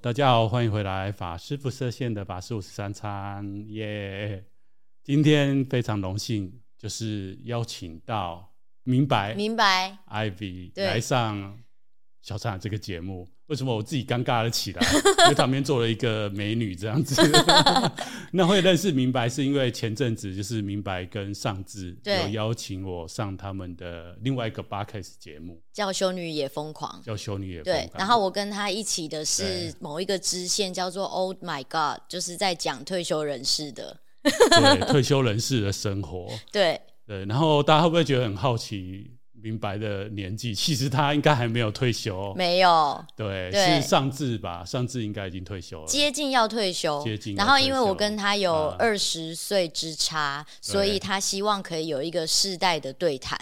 大家好，歡迎回來。法師不設限的法師五十三參耶，yeah! 今天非常榮幸，就是邀請到明白、明白、Ivy，對，來上。小禪這個節目，為什麼我自己尷尬的起來？ 因為旁邊坐了一個美女這樣子， 那會認識明白是因為前陣子就是明白跟尚智有邀請我上他們的另外一個 Podcast 節目，叫《修女也瘋狂》，叫《修女也瘋狂》。對，然後我跟他一起的是某一個支線，叫做 Old My God，就是在講退休人士的。 對退休人士的生活，對對，然後大家會不會覺得很好奇？明白的年紀，其實他應該還沒有退休，沒有，對，是上次吧，上次應該已經退休了，接近要退休，接近，然後，因為我跟他有二十歲之差，所以他希望可以有一個世代的對談，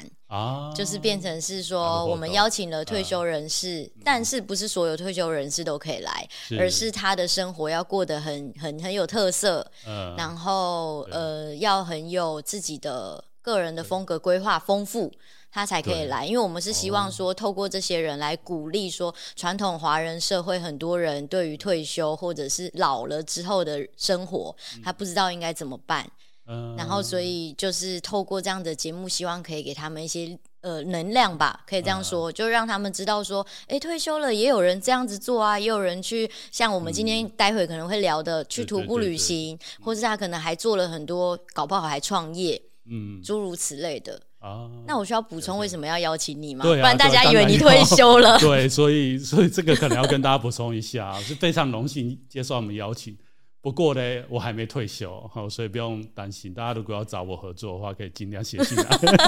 就是變成是說，我們邀請了退休人士，但是不是所有退休人士都可以來，而是他的生活要過得很很很有特色，然後呃，要很有自己的個人的風格規劃豐富。他才可以來，對因為我們是希望說，透過這些人來鼓勵說，傳統華人社會很多人對於退休或者是老了之後的生活，嗯、他不知道應該怎麼辦。嗯，然後所以就是透過這樣的節目，希望可以給他們一些呃能量吧，可以這樣說，嗯、就讓他們知道說，哎、欸，退休了也有人這樣子做啊，也有人去像我們今天待會可能會聊的、嗯、去徒步旅行，對對對對，或是他可能還做了很多搞不好還創業，嗯，諸如此類的。啊，那我需要補充為什麼要邀請你嗎？對，對，啊、不然大家以為你退休了，對。 對，所以所以這個可能要跟大家補充一下， 是非常榮幸接受我們邀請。不過呢，我還沒退休，哦、所以不用擔心。大家如果要找我合作的話，可以盡量寫進來。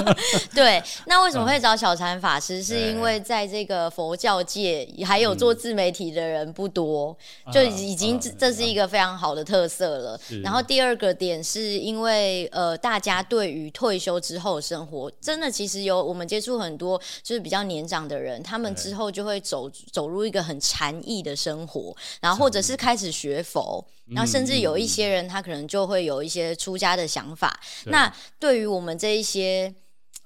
對，那為什麼會找小禪法師？嗯、是因為在這個佛教界，還有做自媒體的人不多，嗯、就已經這是一個非常好的特色了。啊啊啊、然後第二個點是因為，呃，大家對於退休之後的生活，真的其實有我們接觸很多，就是比較年長的人，他們之後就會走、嗯、走入一個很禪意的生活，然後或者是開始學佛。然後，甚至有一些人，他可能就會有一些出家的想法。嗯、那對於我們這一些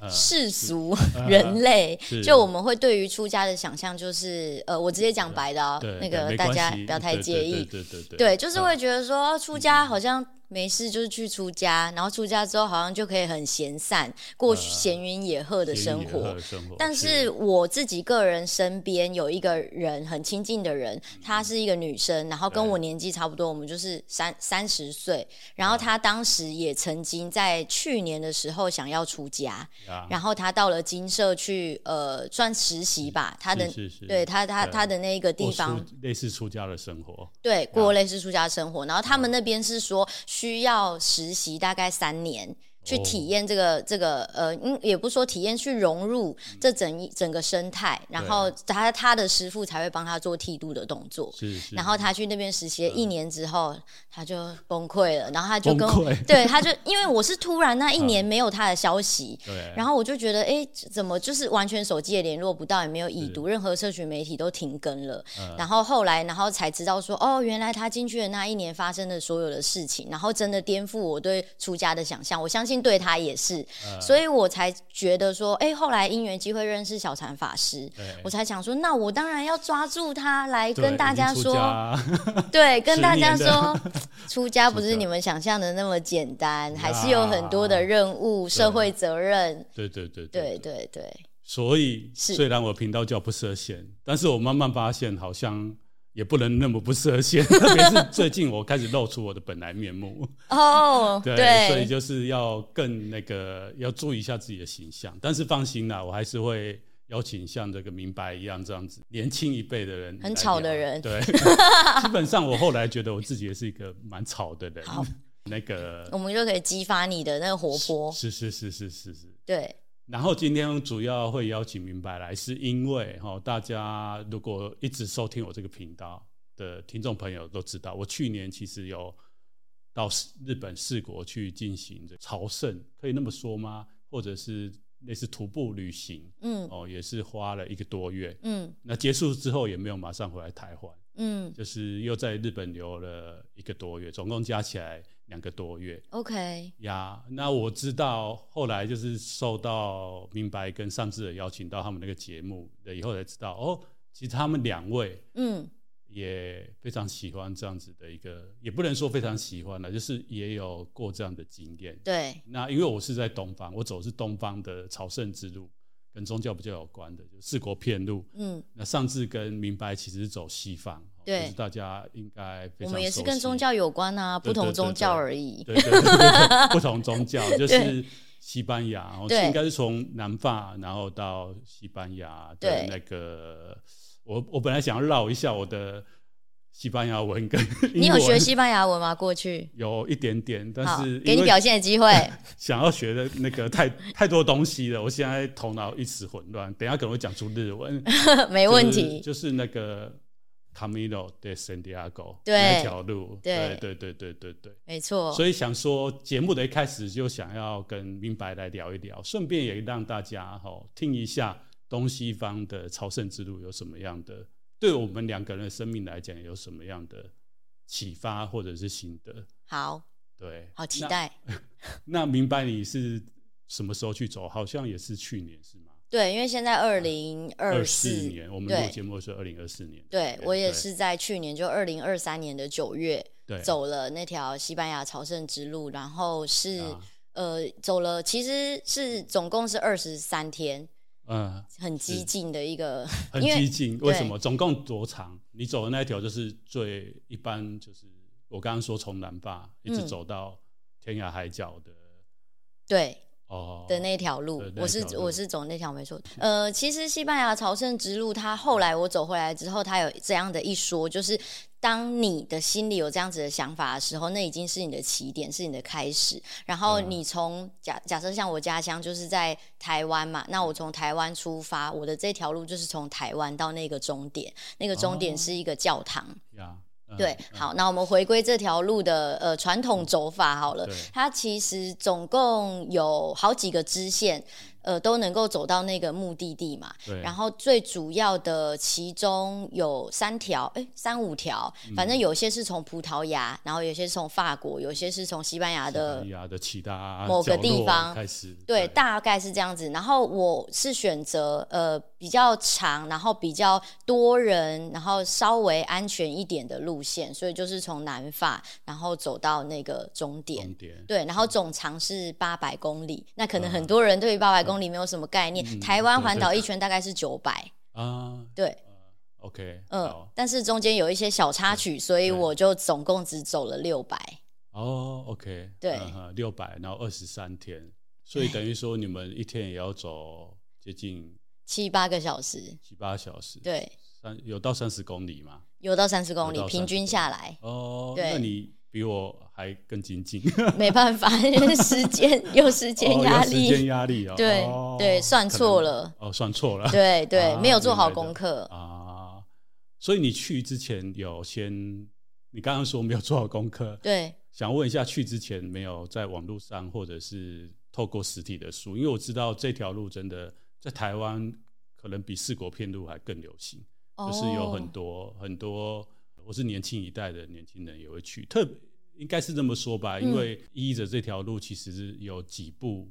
世俗人類，啊啊、就我們會對於出家的想象，就是呃，我直接講白的哦，對那個大家不要太介意，對對，對對對對對對對，就是會覺得說出家好像。沒事，就是去出家，然後出家之後好像就可以很閒散，過閒雲野鶴的生活。呃、生活，但是我自己個人身邊有一個人，很親近的人，嗯、她是一個女生，然後跟我年紀差不多，對我們就是三三十歲。然後她當時也曾經在去年的時候想要出家，啊、然後她到了精舍去，呃，算實習吧。她的對，她她她的那個地方類似出家的生活，對，過類似出家的生活。啊、然後他們那邊是說。需要實習大概三年。去體驗這個、oh, 這個呃，嗯，也不是說體驗，去融入這整一整個生態，然後他、啊、他的師傅才會幫他做剃度的動作。是，是然後他去那邊實習了一年之後，呃、他就崩潰了，然後他就跟我潰對他就因為我是突然那一年沒有他的消息，嗯、對、啊。然後我就覺得哎、欸，怎麼就是完全手機也聯絡不到，也沒有已讀，是任何社群媒體都停更了。嗯、然後後來然後才知道說哦，原來他進去的那一年發生的所有的事情，然後真的顛覆我對出家的想象。我相信。對他也是，呃、所以我才覺得說，哎、欸，後來因緣機會認識小禪法師，對、我才想說，那我當然要抓住他來跟大家說，對、出家，對，跟大家說，出家不是你們想象的那麼簡單，出家，還是有很多的任務、啊、社會責任。對對對對對對。所以，是，雖然我頻道叫不設限，但是我慢慢發現，好像。也不能那麼不設限，特別是最近我開始露出我的本來面目哦，對，對所以就是要更那個，要注意一下自己的形象。但是放心啦，我還是會邀請像這個明白一樣這樣子年輕一輩的人，很吵的人，對， 基本上我後來覺得我自己也是一個蠻吵的人。好 那個我們就可以激發你的那個活潑。是是是是是是，是是是對。然後今天主要會邀請明白來，是因為哈、哦，大家如果一直收聽我這個頻道的聽眾朋友都知道，我去年其實有到日本四國去進行這朝聖，可以那麼說嗎？或者是類似徒步旅行？嗯，哦，也是花了一個多月。嗯，那結束之後也沒有馬上回來台灣。嗯，就是又在日本留了一個多月，總共加起來。兩個多月，OK，呀，yeah, 那我知道後來就是受到明白跟上次的邀請到他們那個節目以後才知道哦，其實他們兩位嗯也非常喜歡這樣子的一個，嗯、也不能說非常喜歡了，就是也有過這樣的經驗。對，那因為我是在東方，我走的是東方的朝聖之路，跟宗教比較有關的，就是四國遍路。嗯，那上次跟明白其實是走西方。大家應該我們也是跟宗教有關啊，不同宗教而已。不同宗教就是西班牙，我應該是從南法，然後到西班牙的那個。我我本來想要繞一下我的西班牙文，跟英文，你有學西班牙文嗎？過去有一點點，但是給你表現的機會。想要學的那個太太多東西了，我現在頭腦一時混亂，等下可能會講出日文，沒問題。就是那個。卡米諾 de 對，聖地亞哥那條路，對對對對對對，沒錯。所以想說，節目的一開始就想要跟明白來聊一聊，順便也讓大家哈聽一下東西方的朝聖之路有什麼樣的，對我們兩個人的生命來講有什麼樣的啟發或者是心得。好，對，好期待。那， 那明白，你是什麼時候去走？好像也是去年，是嗎？對，因為現在二零二四年，我們錄節目是二零二四年。對，對我也是在去年，就二零二三年的九月，對，走了那條西班牙朝聖之路，然後是、啊、呃，走了，其實是總共是二十三天，嗯、啊，很激進的一個，是為很激進，為，為什麼？總共多長？你走的那一條就是最一般，就是我剛剛說從南壩一直走到天涯海角的、嗯，對。哦，oh, 的那條路，對我是對我是走那條對沒錯。呃，其實西班牙朝聖之路，它後來我走回來之後，它有這樣的一說，就是，當你的心裡有這樣子的想法的時候，那已經是你的起點，是你的開始。然後你從，oh. 假假設像我家鄉就是在台灣嘛，那我從台灣出發，我的這條路就是從台灣到那個終點，那個終點是一個教堂。Oh. Yeah. 對，嗯、好，那我們回歸這條路的呃傳統走法好了，嗯、它其實總共有好幾個支線。呃，都能夠走到那個目的地嘛。對。然後最主要的其中有三條，哎，三五條，反正有些是從葡萄牙，嗯、然後有些是從法國，有些是從西班牙的某個地方，啊，開始。對，對，大概是這樣子。然後我是選擇呃比較長，然後比較多人，然後稍微安全一點的路線，所以就是從南法，然後走到那個終點。終點對，然後總長是八百公里。嗯，那可能很多人對於八百公里，嗯。裡面有什麼概念？台灣環島一圈大概是九百。啊，對，OK，嗯，但是中間有一些小插曲，所以我就總共只走了六百。哦，OK，對，六百，然後二十三天，所以等於說你們一天也要走接近七八個小時，七八小時，對，三有到三十公里嗎？有到三十公里，平均下來哦，那你比我。還更精進。沒辦法，因為時間 有時間壓力，哦、時間壓力哦。對哦對，算錯了，哦，算錯了，對對，對啊、沒有做好功課啊。所以你去之前有先，你剛剛說沒有做好功課，對，想問一下，去之前沒有在網絡上或者是透過實體的書，因為我知道這條路真的在台灣可能比四國遍路還更流行，哦、就是有很多很多，我是年輕一代的年輕人也會去，特應該是這麼說吧，嗯、因為依着這條路，其實是有幾部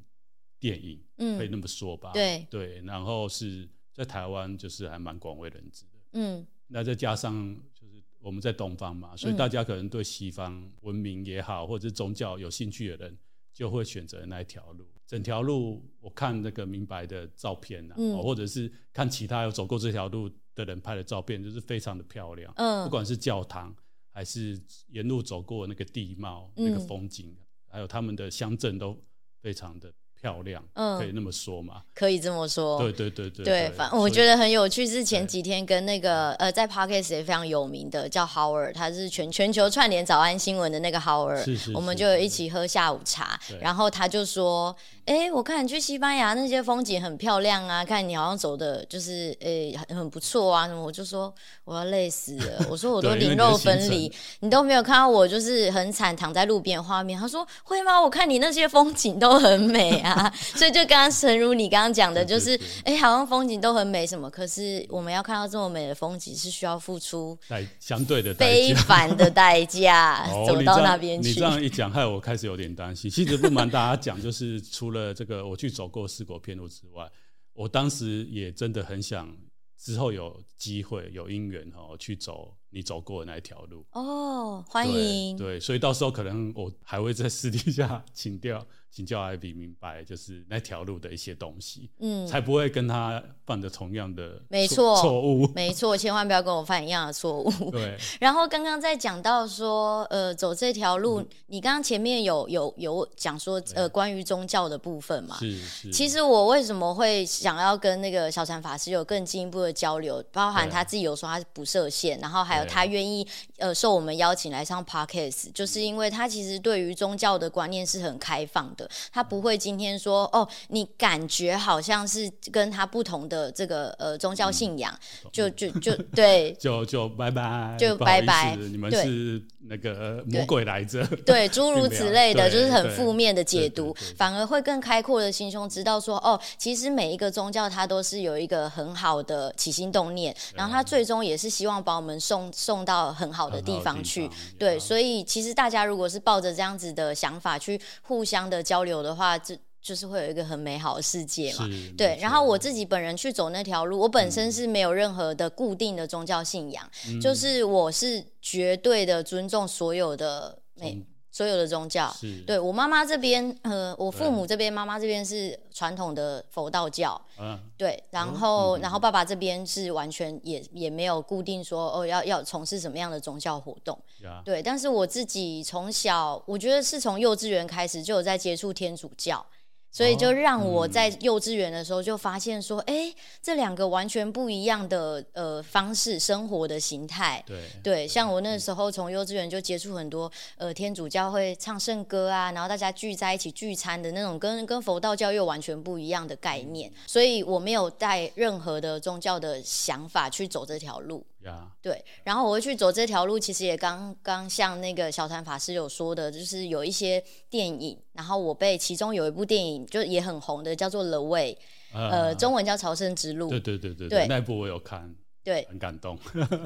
電影、嗯、可以那麼說吧。對對，然後是在台灣就是還蠻廣為人知的。嗯，那再加上就是我們在東方嘛，所以大家可能對西方文明也好，嗯、或者是宗教有興趣的人，就會選擇那一條路。整條路我看那個明白的照片啊，嗯哦、或者是看其他有走過這條路的人拍的照片，就是非常的漂亮。嗯，不管是教堂。還是沿路走過那個地貌、嗯、那個風景，還有他們的鄉鎮，都非常的漂亮，嗯，可以那麼說嗎？可以這麼說，對對對對，對，反正我覺得很有趣是前幾天跟那個呃，在 Podcast 也非常有名的叫 Howard 他是全全球串聯早安新聞的那個 Howard 我們就一起喝下午茶，然後他就說，哎，我看你去西班牙那些風景很漂亮啊，看你好像走的就是欸很很不錯啊什麼，我就說我要累死了，我說我都靈肉分離，你都沒有看到我就是很慘躺在路邊的畫面，他說會嗎？我看你那些風景都很美啊。 所以，就剛剛誠如你剛剛講的，就是哎、欸，好像風景都很美，什麼？可是我們要看到這麼美的風景，是需要付出在相對的非凡的代價，走、 哦、到那邊去你。你這樣一講，害我開始有點擔心。其實不瞞大家講，就是除了這個我去走過四國遍路之外，我當時也真的很想之後有機會有因緣哈、喔，去走你走過的那一條路。哦，歡迎對。對，所以到時候可能我還會在私底下請教。請教 Ivy 明白，就是那條路的一些東西，嗯，才不會跟他犯的同樣的錯誤。沒錯，沒錯，千萬不要跟我犯一樣的錯誤。對。然後剛剛在講到說，呃，走這條路，你剛剛前面有有有講說，呃，關於宗教的部分嘛。是是。其實我為什麼會想要跟那個小禪法師有更進一步的交流，包含他自己有說他是不設限，然後還有他願意，呃，受我們邀請來上 Podcast，就是因為他其實對於宗教的觀念是很開放的。他不會今天說哦，你感覺好像是跟他不同的這個呃宗教信仰，就就就對，就就拜拜，就拜拜，你們是那個魔鬼，來着，對，諸如此類的，就是很負面的解讀，反而會更開闊的心胸，知道說哦，其實每一個宗教它都是有一個很好的起心動念，然後它最終也是希望把我們送送到很好的地方去。對，所以其實大家如果是抱着這樣子的想法去互相的。交流的話，就就是會有一個很美好的世界嘛。是對，錯然後我自己本人去走那條路，我本身是沒有任何的固定的宗教信仰，嗯、就是我是絕對的尊重所有的美、嗯哎所有的宗教，是對我媽媽這邊，呃，我父母這邊，對媽媽這邊是傳統的佛道教，嗯、對，然後，哦、然後爸爸這邊是完全也也沒有固定說哦要要從事什麼樣的宗教活動，呀對，但是我自己從小，我覺得是從幼稚園開始就有在接觸天主教。所以就讓我在幼稚園的時候就發現說，誒、哦嗯欸，這兩個完全不一樣的呃方式生活的形態。對，對像我那時候從幼稚園就接觸很多呃天主教會唱聖歌啊，然後大家聚在一起聚餐的那種，跟跟佛道教又完全不一樣的概念。嗯、所以我沒有帶任何的宗教的想法去走這條路。Yeah. 對，然後我會去走這條路，其實也剛剛像那個小禪法師有說的，就是有一些電影，然後我被其中有一部電影就也很紅的，叫做《The Way》，uh, 呃，中文叫《朝聖之路》。對，對對對對，對那一部我有看，對，很感動，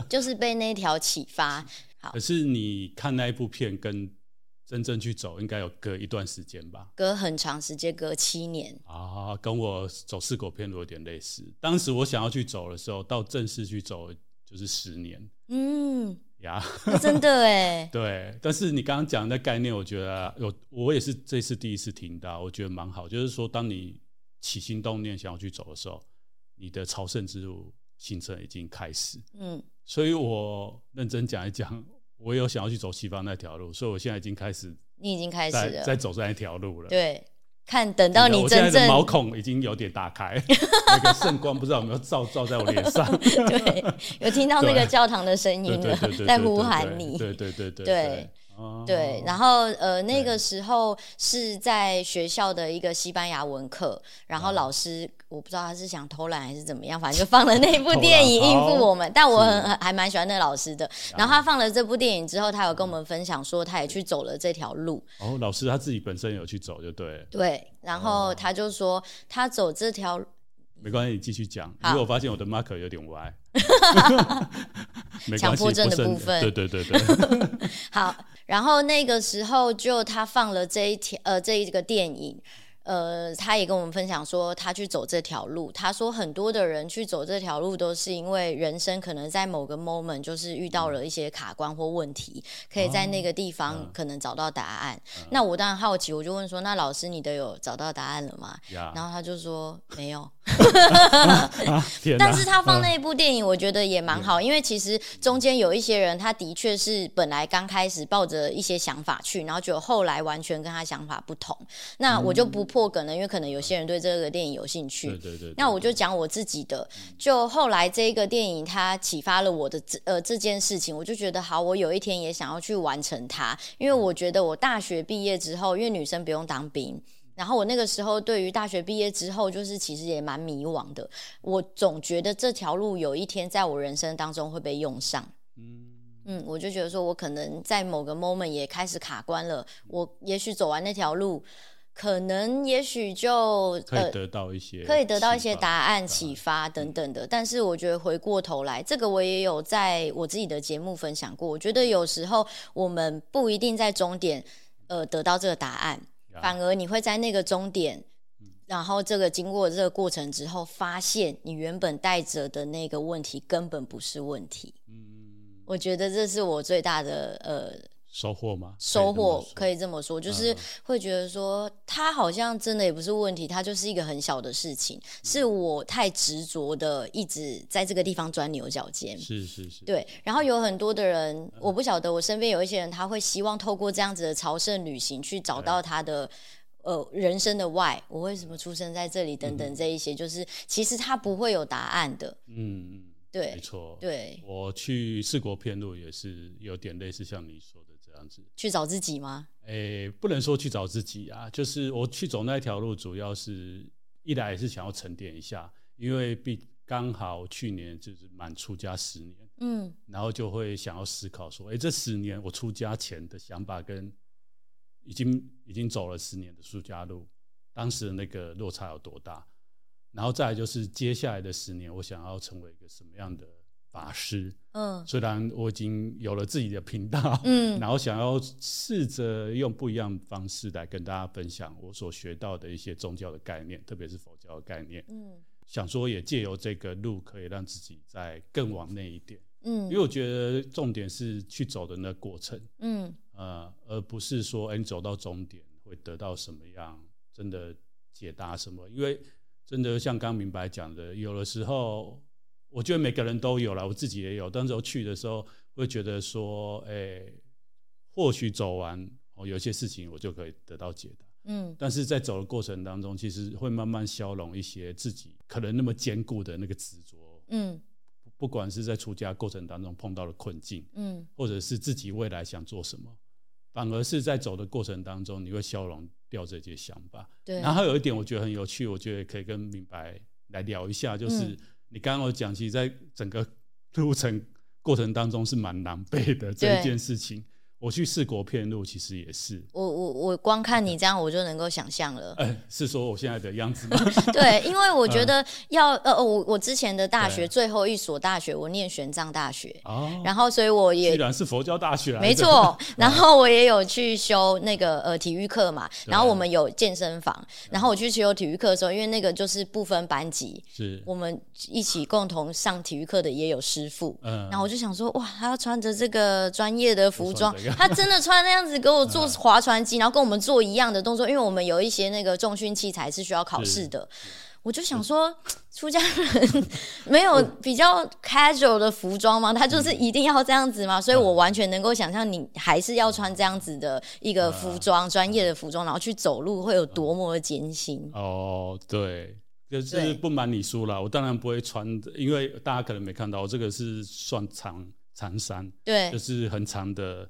就是被那一條啟發 。可是你看那一部片，跟真正去走，應該有隔一段時間吧？隔很長時間，隔七年啊好，好，跟我走四國遍路有點類似。當時我想要去走的時候，到正式去走。就是十年，嗯呀，Yeah. 真的誒、欸。 對，但是你剛剛講的概念，我覺得有，我也是這次第一次聽到，我覺得蠻好。就是說，當你起心動念想要去走的時候，你的朝聖之路行程已經開始，嗯。所以我認真講一講，我有想要去走西方那條路，所以我現在已經開始，你已經開始了，在，在走上那條路了，對。看，等到你真正真的，的毛孔已經有點打開， 那個聖光不知道有沒有照照在我臉上？ 對，有聽到那個教堂的聲音了，在呼喊你。對對對對。對，然後呃，那個時候是在學校的一個西班牙文課，然後老師、啊、我不知道他是想偷懶還是怎麼樣，反正就放了那部電影應付我們。但我很是還蠻喜歡那個老師的，然後他放了這部電影之後，他有跟我們分享說他也去走了這條路。啊、哦，老師他自己本身有去走就對。對，然後他就說他走這條路、哦、沒關係，你繼續講，啊、因為我發現我的 marker 有點歪，r 有哈。歪 系，強迫症的部分，對對對對， 好。然後那個時候，就他放了這一天，呃，這一個電影。呃，他也跟我們分享說，他去走這條路。他說，很多的人去走這條路，都是因為人生可能在某個 moment 就是遇到了一些卡關或問題，嗯、可以在那個地方可能找到答案。啊、那我當然好奇，我就問說：“那老師，你的有找到答案了嗎？”啊、然後他就說：“沒有。 啊”啊啊、 但是，他放那一部電影，我覺得也蠻好，啊啊、因為其實中間有一些人，他的確是本來剛開始抱着一些想法去，然後就後來完全跟他想法不同。嗯、那我就不。破梗呢，因為可能有些人對這個電影有興趣。啊、對，對，對對對。那我就講我自己的，嗯、就後來這個電影它啟發了我的呃這件事情，我就覺得好，我有一天也想要去完成它，因為我覺得我大學畢業之後，因為女生不用當兵，然後我那個時候對於大學畢業之後，就是其實也蠻迷惘的，我總覺得這條路有一天在我人生當中會被用上。嗯嗯，我就覺得說我可能在某個 moment 也開始卡關了，我也許走完那條路。可能也許就可以得到一些、呃，可以得到一些答案、啟發等等的。嗯、但是我覺得回過頭來，這個我也有在我自己的節目分享過。我覺得有時候我們不一定在終點，呃，得到這個答案，嗯、反而你會在那個終點，嗯、然後這個經過這個過程之後，發現你原本帶着的那個問題根本不是問題。嗯，我覺得這是我最大的呃。收穫嗎？收穫可以這麼說，就是會覺得說，他好像真的也不是問題，他就是一個很小的事情，是我太執着的，一直在這個地方鑽牛角尖。是是是，對。然後有很多的人，我不曉得，我身邊有一些人，他會希望透過這樣子的朝聖旅行去找到他的呃人生的 why，我為什麼出生在這裡等等這一些，就是其實他不會有答案的。嗯嗯，對，沒錯，對。我去四國遍路也是有點類似像你說的。這樣子去找自己嗎？誒、欸，不能說去找自己啊，就是我去走那一條路，主要是一來也是想要沉澱一下，因為畢剛好去年就是滿出家十年，嗯，然後就會想要思考說，哎、欸，這十年我出家前的想法跟已經已經走了十年的出家路，當時那個落差有多大？然後再來就是接下來的十年，我想要成為一個什麼樣的法師，嗯，雖然我已經有了自己的頻道，嗯，然後想要試着用不一樣方式來跟大家分享我所學到的一些宗教的概念，特別是佛教的概念，嗯，想說也借由這個路可以讓自己再更往內一點，嗯，因為我覺得重點是去走的那過程，嗯，呃，而不是說誒你走到終點會得到什麼樣，真的解答什麼，因為真的像剛剛明白講的，有的時候。我覺得每個人都有了，我自己也有。當時去的時候，會覺得說，哎、欸，或許走完，我、哦、有些事情我就可以得到解答。嗯，但是在走的過程當中，其實會慢慢消融一些自己可能那麼堅固的那個執着。嗯，不，不管是在出家過程當中碰到的困境，嗯，或者是自己未來想做什麼，反而是在走的過程當中，你會消融掉這些想法。對然後還有一點我覺得很有趣，我覺得可以跟明白來聊一下，就是。嗯你剛剛我講，其實在整個路程過程當中是蠻狼狽的對這一件事情。我去四國遍路。其實也是我我我光看你這樣，我就能夠想象了。哎、欸，是說我現在的樣子嗎？ 對，因為我覺得要、嗯、呃我我之前的大學對最後一所大學，我念玄奘大學、哦、然後所以我也居然是佛教大學，沒錯。然後我也有去修那個呃體育課嘛，然後我們有健身房，對對對，然後我去修體育課的時候，因為那個就是不分班級，是，我們一起共同上體育課的也有師父，嗯，然後我就想說，哇，他要穿着這個專業的服裝。他真的穿那樣子給我做划船機，嗯、然後跟我們做一樣的動作，因為我們有一些那個重訓器材是需要考試的。是我就想說，是出家人沒有比較 casual 的服裝嗎？他就是一定要這樣子嗎？嗯、所以我完全能夠想象，你還是要穿這樣子的一個服裝，嗯、專業的服裝，然後去走路會有多麼的艱辛。哦，對，對就是不瞞你說啦。我當然不會穿，因為大家可能沒看到，這個是算長長衫，對，就是很長的。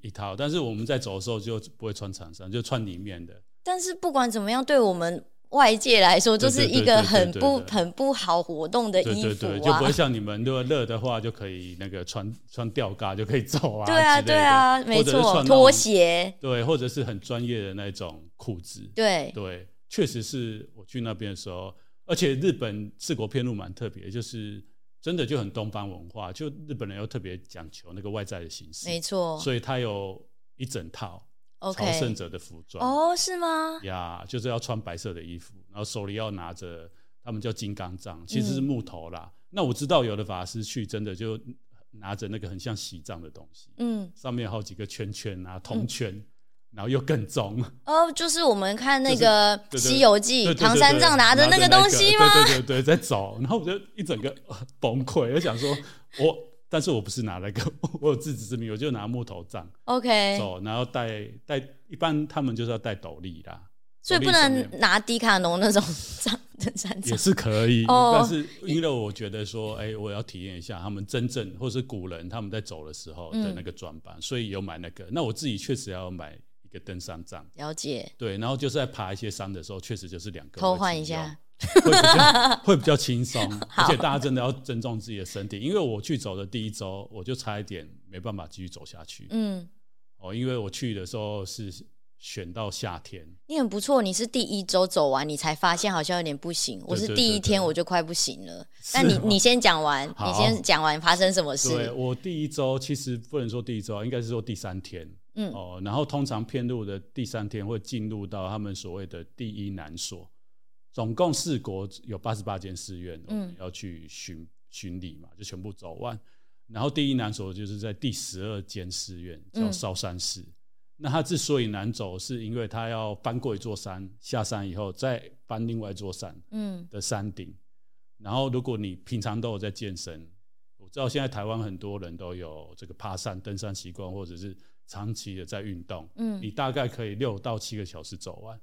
一套，但是我們在走的時候就不會穿長衫，就穿裡面的。但是不管怎麼樣，對我們外界來說，都、就是一個很不對對對對很不好活動的衣服、啊、對，對對，就不會像你們，如果熱的話，就可以那個穿穿吊嘎就可以走啊。對啊，對啊，沒錯，拖鞋，對，或者是很專業的那種褲子，對對，確實是我去那邊的時候，而且日本四國遍路蠻特別，就是。真的就很東方文化，就日本人又特別講求那個外在的形式，沒錯，所以他有一整套朝聖者的服裝。哦、okay，oh, 是嗎？呀，yeah, 就是要穿白色的衣服，然後手裡要拿着他們叫金剛杖，其實是木頭啦。嗯、那我知道有的法師去真的就拿着那個很像錫杖的東西，嗯，上面有好幾個圈圈啊，銅圈。嗯然後又更重哦，就是我們看那個《西遊記》就是，對對對，唐三藏拿着那個著、那個、東西嗎？對對，對對對，在走，然後我就一整個、呃、崩潰， 我想說，我但是我不是拿那個，我有自知之明，我就拿木頭杖。OK，走，然後帶戴，一般他們就是要帶斗笠啦，所以不能拿迪卡儂那種杖，登山杖也是可以，哦、但是因為我覺得說，哎、欸，我要體驗一下他們真正或是古人他們在走的時候的那個裝扮，嗯、所以有買那個。那我自己確實要買。個登山杖，了解。對，然後就是在爬一些山的時候，確實就是兩個人偷換一下，會比較輕鬆，而且大家真的要尊重自己的身體。因為我去走的第一周，我就差一點沒辦法繼續走下去。嗯，哦、喔，因為我去的時候是選到夏天，你很不錯，你是第一周走完，你才發現好像有點不行。我是第一天我就快不行了，對對對對，但你你先講完，你先講完，完發生什麼事？對我第一周其實不能說第一周，應該是說第三天。嗯、哦，然後通常遍路的第三天會進入到他們所謂的第一難所，總共四國有八十八間寺院，嗯、要去巡巡禮嘛，就全部走完。然後第一難所就是在第十二間寺院叫燒山寺，嗯、那它之所以難走，是因為它要翻過一座山，下山以後再翻另外一座山，嗯的山頂。嗯、然後如果你平常都有在健身，我知道現在台灣很多人都有這個爬山、登山習慣，或者是。長期的在運動，嗯，你大概可以六到七個小時走完。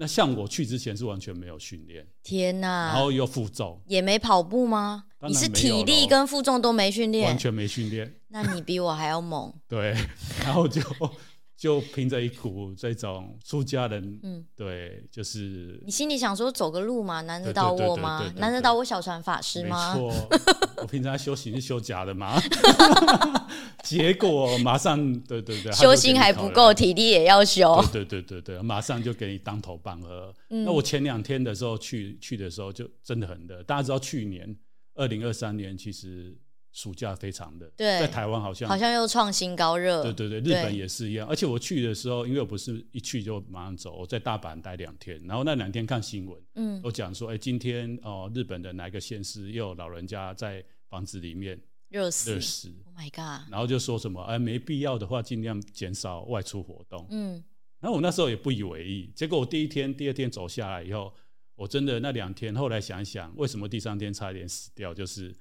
那像我去之前是完全沒有訓練，天哪，然後又負重，也沒跑步嗎？當然沒有囉，你是體力跟負重都沒訓練，完全沒訓練。那你比我還要猛。 對，然後就。 就憑着一股這種出家人，嗯，對，就是你心裡想說走個路嘛，難得倒我嗎？難得倒我小船法師嗎？沒錯錯， 我平常修行是修假的嘛， 結果馬上對對對，修行還不夠，體力也要修，對對對對，馬上就給你當頭棒喝。嗯。那我前兩天的時候去去的時候就真的很熱，大家知道去年二零二三年其實。暑假非常的對，在台灣好像好像又創新高熱。對對對，日本也是一樣。對而且我去的時候，因為我不是一去就馬上走，我在大阪待兩天，然後那兩天看新聞，嗯，我講說，哎、欸，今天哦、呃，日本的哪個縣市又有老人家在房子裡面熱死，熱死，Oh my God，然後就說什麼，哎、欸，沒必要的話，盡量減少外出活動。嗯，然後我那時候也不以為意，結果我第一天、第二天走下來以後，我真的那兩天，後來想一想，為什麼第三天差點死掉，就是。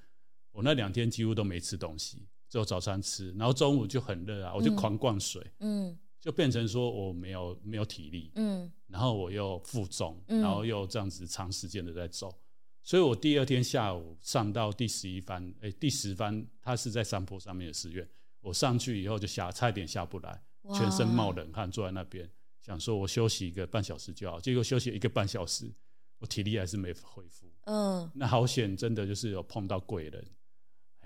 我那兩天幾乎都沒吃東西，只有早餐吃，然後中午就很熱啊，我就狂灌水，嗯，嗯就變成說我沒有沒有體力，嗯，然後我又負重，嗯、然後又這樣子長時間的在走，所以我第二天下午上到第十一番，哎，第十番它是在山坡上面的寺院，我上去以後就下，差點下不來，全身冒冷汗，哇坐在那邊想說我休息一個半小時就好，結果休息一個半小時，我體力還是沒恢復，嗯，那好險，真的就是有碰到貴人。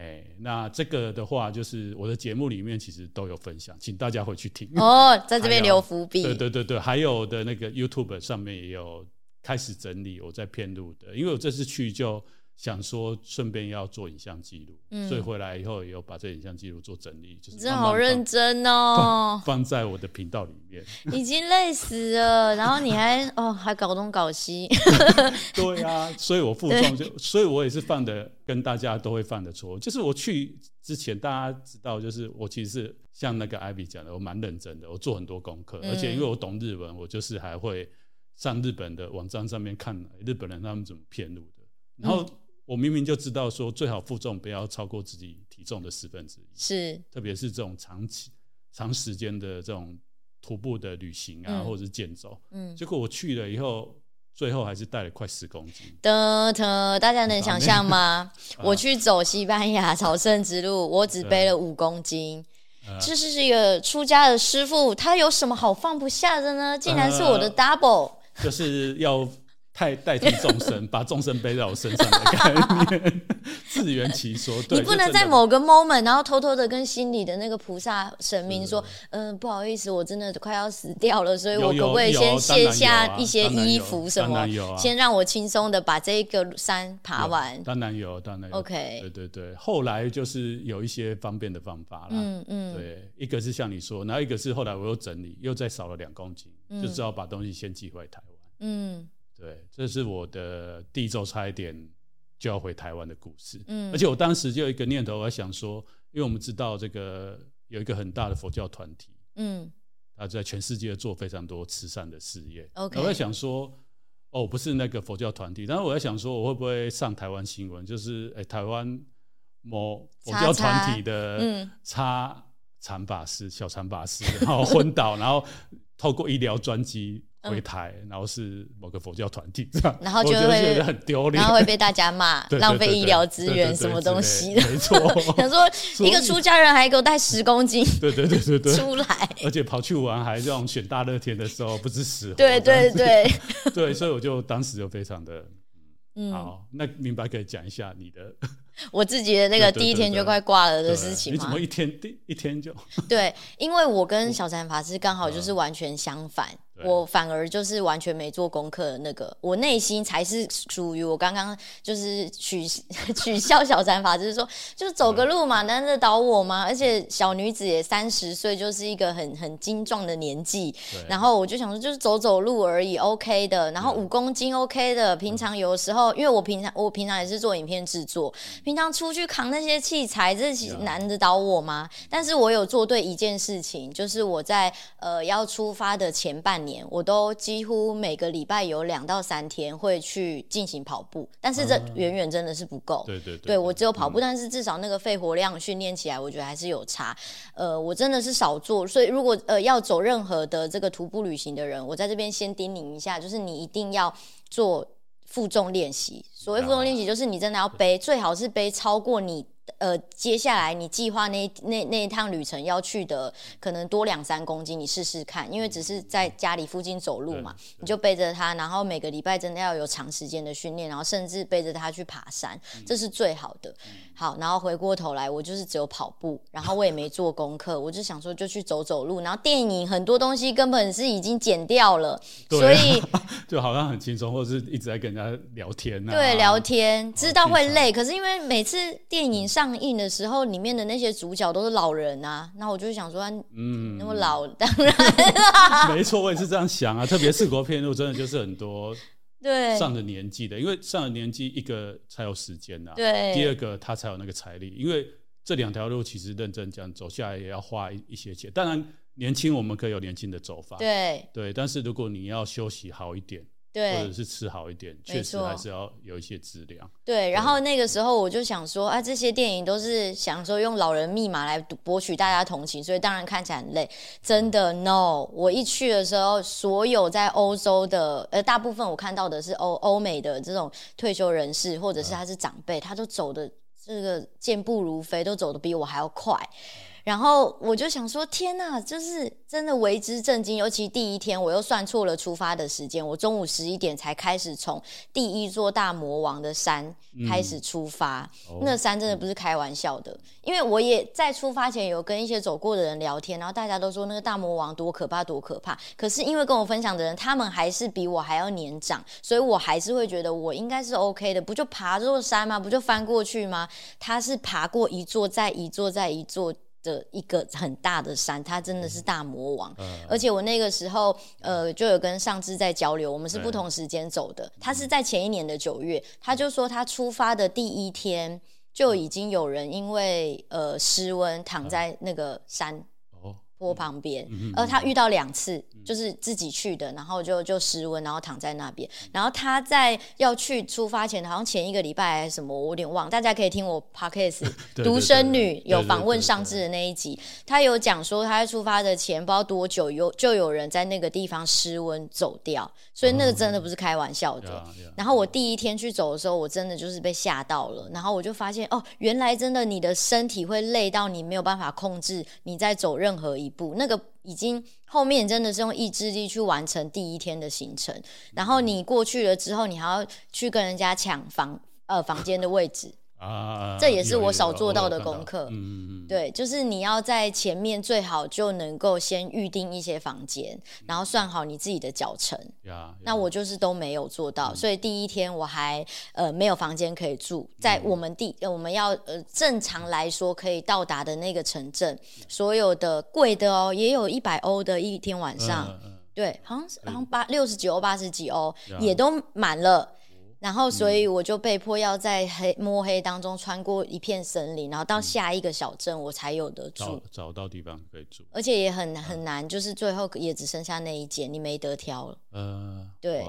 哎，那這個的話，就是我的節目裡面其實都有分享，請大家回去聽哦，在這邊留伏筆。對對對對，還有的那個 YouTube 上面也有開始整理，我在遍路的，因為我這次去就。想說順便要做影像記錄，嗯、所以回來以後也有把這影像記錄做整理，就是慢慢真的好認真哦，放，放在我的頻道裡面。已經累死了， 然後你還哦還搞東搞西。 對啊，所以我負重就，對所以我也是犯的跟大家都會犯的錯，就是我去之前大家知道，就是我其實是像那個 Ivy 講的，我蠻認真的，我做很多功課，嗯、而且因為我懂日文，我就是還會上日本的網站上面看日本人他們怎麼遍路的，然後。嗯我明明就知道說，最好負重不要超過自己體重的四分之一。是，特別是這種長期、長時間的這種徒步的旅行啊，嗯、或者是健走。嗯，結果我去了以後，最後還是帶了快十公斤的，大家能想象嗎？我去走西班牙朝聖之路，我只背了五公斤。嗯嗯、這是一個出家的師父，他有什麼好放不下的呢？竟然是我的 double、呃。就是要。 代代替眾生， 把眾生背在我身上的概念， 自圓其說。對，你不能在某個 moment，然後偷偷的跟心裡的那個菩薩神明說：“是的 嗯，不好意思，我真的快要死掉了，所以我可不會可先卸下一些衣服什麼，先讓我輕鬆的把這一個山爬完。當啊”當然有，當然有、啊、OK。對對對，後來就是有一些方便的方法了、嗯。嗯嗯，對，一個是像你說，那一個是後來我又整理，又再少了兩公斤，嗯、就只好把東西先寄回台灣。嗯。對，這是我的第一週差一點就要回台灣的故事。嗯、而且我當時就有一個念頭，我想說，因為我們知道這個有一個很大的佛教團體，嗯，他在全世界做非常多慈善的事業。OK，我在想說，哦，不是那個佛教團體，但是我在想說，我會不會上台灣新聞？就是，欸、台灣某佛教團體的差禪法師，小禪法師，然後昏倒， 然後透過醫療專機。回台，然後是某個佛教團體這樣，然後就會很丟臉，然後會被大家罵，浪費醫療資源，什麼東西的。沒錯，想說一個出家人還給我帶十公斤，對對對對對，出來，而且跑去玩還讓我們選大熱天的時候不知死活，對對對，對，所以我就當時就非常的，嗯，好，那明白可以講一下你的，我自己的那個第一天就快掛了的事情嗎？你怎麼一天一天就？對，因為我跟小禪法師剛好就是完全相反。我反而就是完全沒做功課的那個，我內心才是屬於我剛剛就是取取笑小禪法， 就是說就是走個路嘛，難得倒我嗎？而且小女子也三十歲，就是一個很很精壯的年紀。對然後我就想說，就是走走路而已，OK 的。然後五公斤 OK 的，對平常有時候，因為我平常我平常也是做影片制作，平常出去扛那些器材，這是難得倒我嗎？Yeah. 但是我有做對一件事情，就是我在呃要出發的前半年。我都幾乎每個禮拜有兩到三天會去進行跑步，但是這遠遠真的是不夠，嗯。對對對，對我只有跑步，嗯、但是至少那個肺活量訓練起來，我覺得還是有差。呃，我真的是少做，所以如果呃要走任何的這個徒步旅行的人，我在這邊先叮嚀一下，就是你一定要做負重練習。所謂負重練習，就是你真的要背，嗯、最好是背超過你，呃，接下來你計劃那那那一趟旅程要去的，可能多兩三公斤，你試試看，因為只是在家裡附近走路嘛，嗯、你就背着它，然後每個禮拜真的要有長時間的訓練，然後甚至背着它去爬山，嗯、這是最好的。嗯、好，然後回過頭來，我就是只有跑步，然後我也沒做功課， 我就想說就去走走路，然後電影很多東西根本是已經剪掉了，啊、所以 就好像很輕鬆，或是一直在跟人家聊天、啊、對，聊天、啊、知道會累，哦、可是因為每次電影上。上映的時候，裡面的那些主角都是老人啊，那我就想說，啊、嗯，那麼老，當然， 沒錯，我也是這樣想啊。 特別是國片路，真的就是很多，對，上了年紀的，因為上了年紀一個才有時間吶、啊，對，第二個他才有那個財力，因為這兩條路其實認真講走下來也要花一一些錢。當然年輕我們可以有年輕的走法，對對，但是如果你要休息好一點。對或者是吃好一點，錯確實還是要有一些質量。對，對，然後那個時候我就想說，啊，這些電影都是想說用老人密碼來博取大家同情，所以當然看起來很累。真的、嗯、，no！我一去的時候，所有在歐洲的，呃，大部分我看到的是歐歐美的這種退休人士，或者是他是長輩，嗯、他都走得這個健步如飛，都走得比我還要快。然後我就想說，天哪，就是真的為之震驚。尤其第一天，我又算錯了出發的時間，我中午十一點才開始從第一座大魔王的山開始出發。嗯，那山真的不是開玩笑的，因為我也在出發前有跟一些走過的人聊天，然後大家都說那個大魔王多可怕，多可怕。可是因為跟我分享的人，他們還是比我還要年長，所以我還是會覺得我應該是 OK 的。不就爬這座山嗎？不就翻過去嗎？他是爬過一座再一座再一座的一個很大的山，它真的是大魔王。嗯啊、而且我那個時候，呃，就有跟上志在交流，我們是不同時間走的。他、嗯、是在前一年的九月，他就說他出發的第一天就已經有人因為呃失溫躺在那個山。坡旁邊，而他遇到兩次，嗯、就是自己去的，然後就就失溫，然後躺在那邊。然後他在要去出發前，好像前一個禮拜還是什麼，我有點忘。大家可以聽我 Podcast 對《獨聲女》有訪問上智的那一集，對對對對他有講說他在出發的前，不知道多久有就有人在那個地方失溫走掉，所以那個真的不是開玩笑的。Oh、對然後我第一天去走的時候，我真的就是被嚇到了。然後我就發現哦，原來真的你的身體會累到你沒有辦法控制你在走任何一。不，那個已經，後面真的是用意志力去完成第一天的行程，然後你過去了之後，你還要去跟人家搶房，呃，房間的位置。啊，這也是我少做到的功課。有有有有嗯、對，就是你要在前面最好就能夠先預定一些房間，嗯、然後算好你自己的腳程。嗯、那我就是都沒有做到，嗯、所以第一天我還、呃、沒有房間可以住，在我們第我們要呃正常來說可以到達的那個城鎮，嗯、所有的貴的哦，也有一百歐的一天晚上，嗯嗯嗯、對，好像是好像八六十幾歐八十幾歐、嗯、也都滿了。然後，所以我就被迫要在黑摸黑當中穿過一片森林，然後到下一個小鎮，我才有得住，找到地方可以住。而且也很很難，就是最後也只剩下那一間，你沒得挑了。呃，對，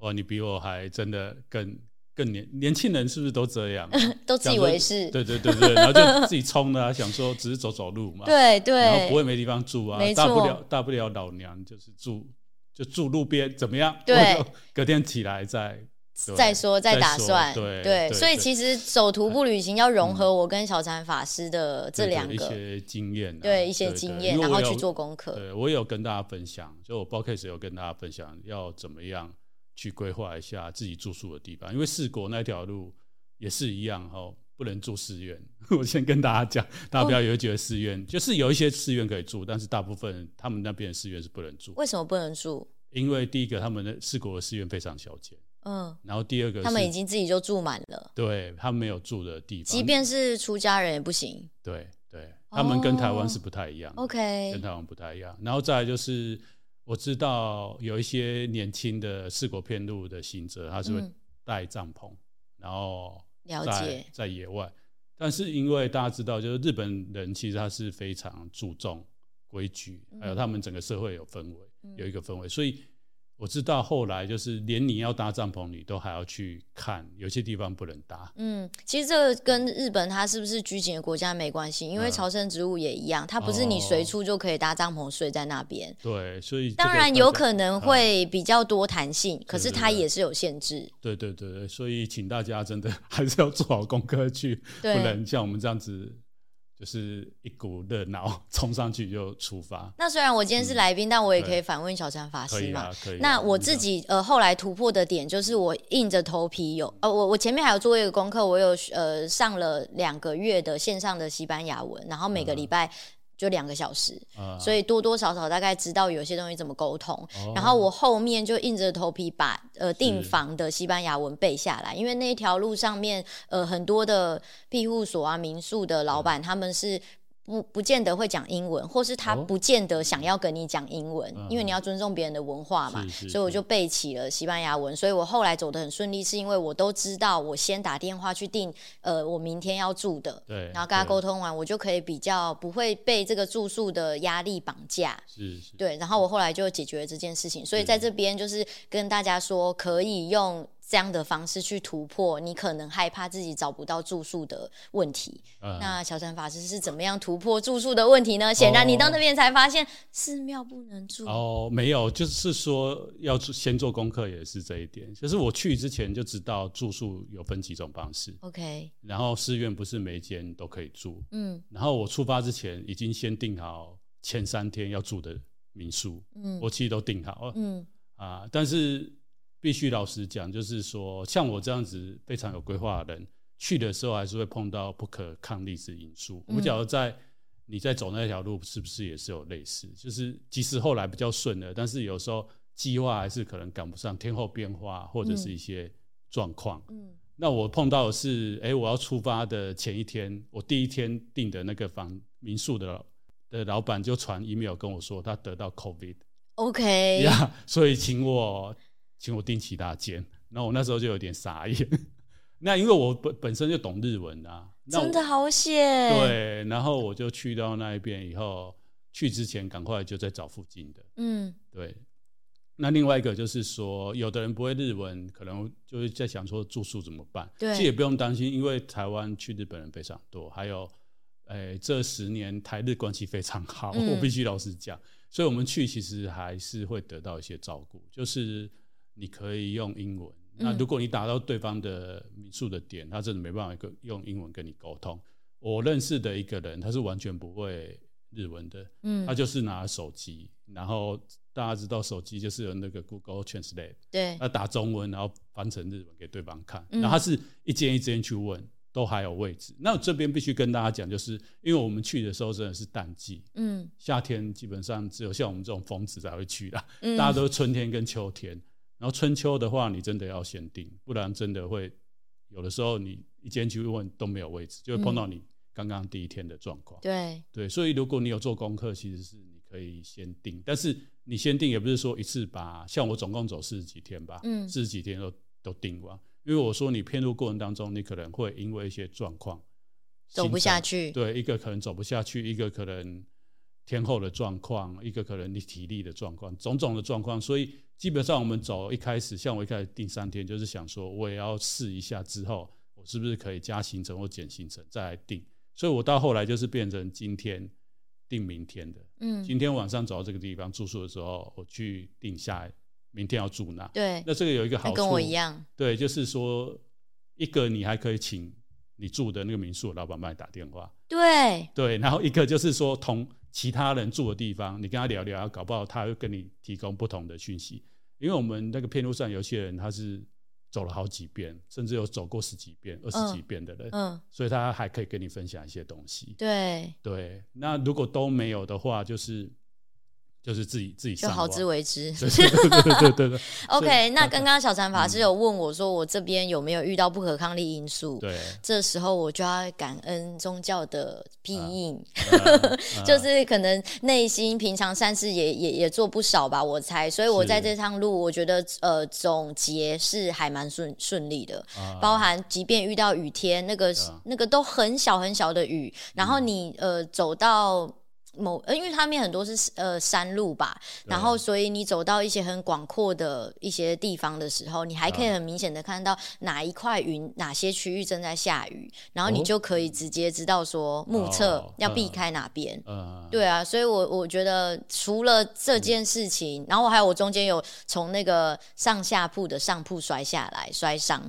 哇，你比我還真的更更年年輕人是不是都這樣？都自以為是，對對對對，然後就自己衝啊，想說只是走走路嘛，對對，然後不會沒地方住啊，大不了大不了老娘就是住就住路邊怎麼樣？對，隔天起來再。對再說再打算，對，對對對，所以其實走徒步旅行要融合、嗯、我跟小禪法師的這兩個對對對，一些經驗、啊，對一些經驗，對對對，然後去做功課。對，我有跟大家分享，就我包括有跟大家分享要怎麼樣去規劃一下自己住宿的地方，因為四國那條路也是一樣哈，不能住寺院。我先跟大家講，大家不要以為覺得寺院就是有一些寺院可以住，但是大部分他們那邊的寺院是不能住。為什麼不能住？因為第一個，他們的四國的寺院非常小間。嗯，哦、然後第二個是，他們已經自己就住滿了，對他們沒有住的地方，即便是出家人也不行。對對，對哦、他們跟台灣是不太一樣，OK，跟台灣不太一樣。然後再來就是，我知道有一些年輕的四國遍路的行者，他是會帶帳篷，嗯、然後在解在野外。但是因為大家知道，就是日本人其實他是非常注重規矩，嗯、還有他們整個社會有氛圍，嗯、有一個氛圍，所以。我知道後來就是連你要搭帳篷，你都還要去看有些地方不能搭。嗯，其實這個跟日本它是不是拘謹的國家沒關係，因為朝聖之路也一樣，它不是你隨處就可以搭帳篷睡在那邊、哦。對，所以、這個、當然有可能會比較多彈性，嗯、對對對，可是它也是有限制。對對對，所以請大家真的還是要做好功課去，對不能像我們這樣子。就是一股熱鬧衝上去就出發。那雖然我今天是來賓，嗯、但我也可以反問小禪法師嘛？啊啊、那我自己、啊、呃後來突破的點就是我硬着頭皮有呃我我前面還有做一個功課，我有呃上了兩個月的線上的西班牙文，然後每個禮拜、嗯。就兩個小時，啊、所以多多少少大概知道有些東西怎麼溝通。哦、然後我後面就硬着頭皮把呃訂房的西班牙文背下來，是因為那條路上面呃很多的庇護所啊、民宿的老闆、嗯、他們是。不不見得會講英文，或是他不見得想要跟你講英文，哦、因為你要尊重別人的文化嘛。嗯、是是是，所以我就背起了西班牙文，所以我後來走得很順利，是因為我都知道我先打電話去訂，呃，我明天要住的，對然後跟他溝通完，對我就可以比較不會被這個住宿的壓力綁架。是是，是，對，然後我後來就解決了這件事情，所以在這邊就是跟大家說，可以用。這樣的方式去突破，你可能害怕自己找不到住宿的問題。嗯、那小禪法師是怎麼樣突破住宿的問題呢？顯然你到那邊才發現寺廟不能住哦、哦、哦，沒有，就是說要先做功課也是這一點。就是我去之前就知道住宿有分幾種方式。OK，然後寺院不是每一間都可以住。嗯，然後我出發之前已經先訂好前三天要住的民宿。嗯、我其實都訂好了。嗯，啊，但是。必須老實講，就是說，像我這樣子非常有規劃的人，去的時候還是會碰到不可抗力之因素。嗯、我們假如在你在走那條路，是不是也是有類似？就是即使後來比較順了，但是有時候計劃還是可能趕不上天候變化，或者是一些狀況，嗯。嗯，那我碰到的是，哎、欸，我要出發的前一天，我第一天訂的那個房民宿的老的老板就傳 email 跟我說，他得到 COVID。OK，呀，所以請我。請我訂其他間，然後我那時候就有點傻眼。 那因為我本本身就懂日文啊，那真的好險。對，然後我就去到那一邊以後，去之前趕快就在找附近的。嗯，對。那另外一個就是說，有的人不會日文，可能就是在想說住宿怎麼辦。對，這也不用擔心，因為台灣去日本人非常多，還有，誒、欸，這十年台日關係非常好，嗯、我必須老實講，所以我們去其實還是會得到一些照顧，就是。你可以用英文。那如果你打到對方的民宿的點，嗯、他真的沒辦法用英文跟你溝通。我認識的一個人，他是完全不會日文的，嗯，他就是拿手機，然後大家知道手機就是有那個 Google Translate，對，他打中文，然後翻成日文給對方看。嗯、然後他是一間一間去問，都還有位置。那我這邊必須跟大家講，就是因為我們去的時候真的是淡季，嗯，夏天基本上只有像我們這種瘋子才會去啦，嗯、大家都春天跟秋天。然後春秋的話，你真的要先訂，不然真的會有的時候你一間去問都沒有位置，就會碰到你剛剛第一天的狀況。對、嗯、對，所以如果你有做功課，其實是你可以先訂。但是你先訂也不是說一次把，像我總共走四十幾天吧，嗯、四十幾天都都訂完。因為我說你遍路過程當中，你可能會因為一些狀況走不下去，對，一個可能走不下去，一個可能天候的狀況，一個可能你體力的狀況，種種的狀況，所以。基本上我們走一開始，像我一開始訂三天，就是想說我也要試一下，之後我是不是可以加行程或減行程再來定。所以我到後來就是變成今天定明天的。嗯，今天晚上走到這個地方住宿的時候，我去定下來明天要住哪。對，那這個有一個好處，跟我一樣。對，就是說一個你還可以請你住的那個民宿老闆幫你打電話。對對，然後一個就是說同。其他人住的地方，你跟他聊聊，搞不好他會跟你提供不同的訊息。因為我們那個遍路上有些人他是走了好幾遍，甚至有走過十幾遍、二十幾遍的人，嗯，嗯嗯、所以他還可以跟你分享一些東西。對，對。那如果都沒有的話，就是。就是自己自己就好自為之。OK，那剛剛小禪法師有問我說，我這邊有沒有遇到不可抗力因素？對，這時候我就要感恩宗教的庇蔭，就是可能內心平常善事也也也做不少吧，我猜。所以我在這趟路，我覺得呃總結是還蠻順順利的，包含即便遇到雨天，那個那個都很小很小的雨，然後你呃走到。某，因為它們很多是呃山路吧，然後所以你走到一些很廣闊的一些地方的時候，你還可以很明顯的看到哪一塊雲，哪些區域正在下雨，然後你就可以直接知道說目測要避開哪邊。對啊，所以我我覺得除了這件事情，然後還有我中間有從那個上下鋪的上鋪摔下來，摔傷。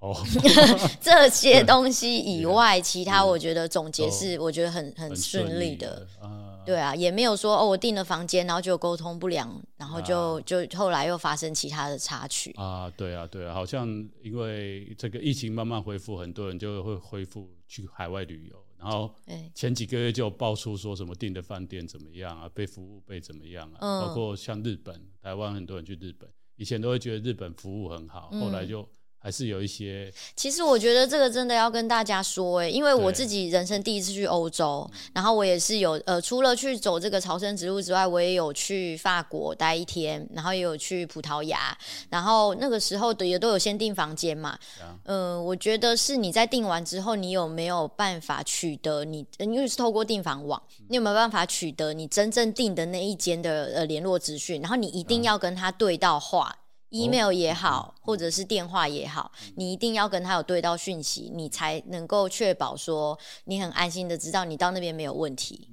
哦， 這些東西以外，對其他我覺得總結是，我覺得很對很順利的。啊對啊，也沒有說哦，我訂了房間，然後就溝通不良，然後就、啊、就後來又發生其他的插曲啊。對啊，對啊，好像因為這個疫情慢慢恢復，很多人就會恢復去海外旅遊，然後前幾個月就爆出說什麼訂的飯店怎麼樣啊，被服務被怎麼樣啊，嗯、包括像日本、台灣，很多人去日本，以前都會覺得日本服務很好，後來就。嗯還是有一些。其實我覺得這個真的要跟大家說、欸、因為我自己人生第一次去歐洲，對然後我也是有呃，除了去走這個朝聖之路之外，我也有去法國待一天，然後也有去葡萄牙，然後那個時候也都有先訂房間嘛。嗯 Yeah.、呃，我覺得是你在訂完之後，你有沒有辦法取得你，因為是透過訂房網，你有沒有辦法取得你真正訂的那一間的呃聯絡資訊？然後你一定要跟他對到話。Yeah. email 也好，哦、或者是電話也好，你一定要跟他有對到訊息，你才能夠確保說你很安心的知道你到那邊沒有問題。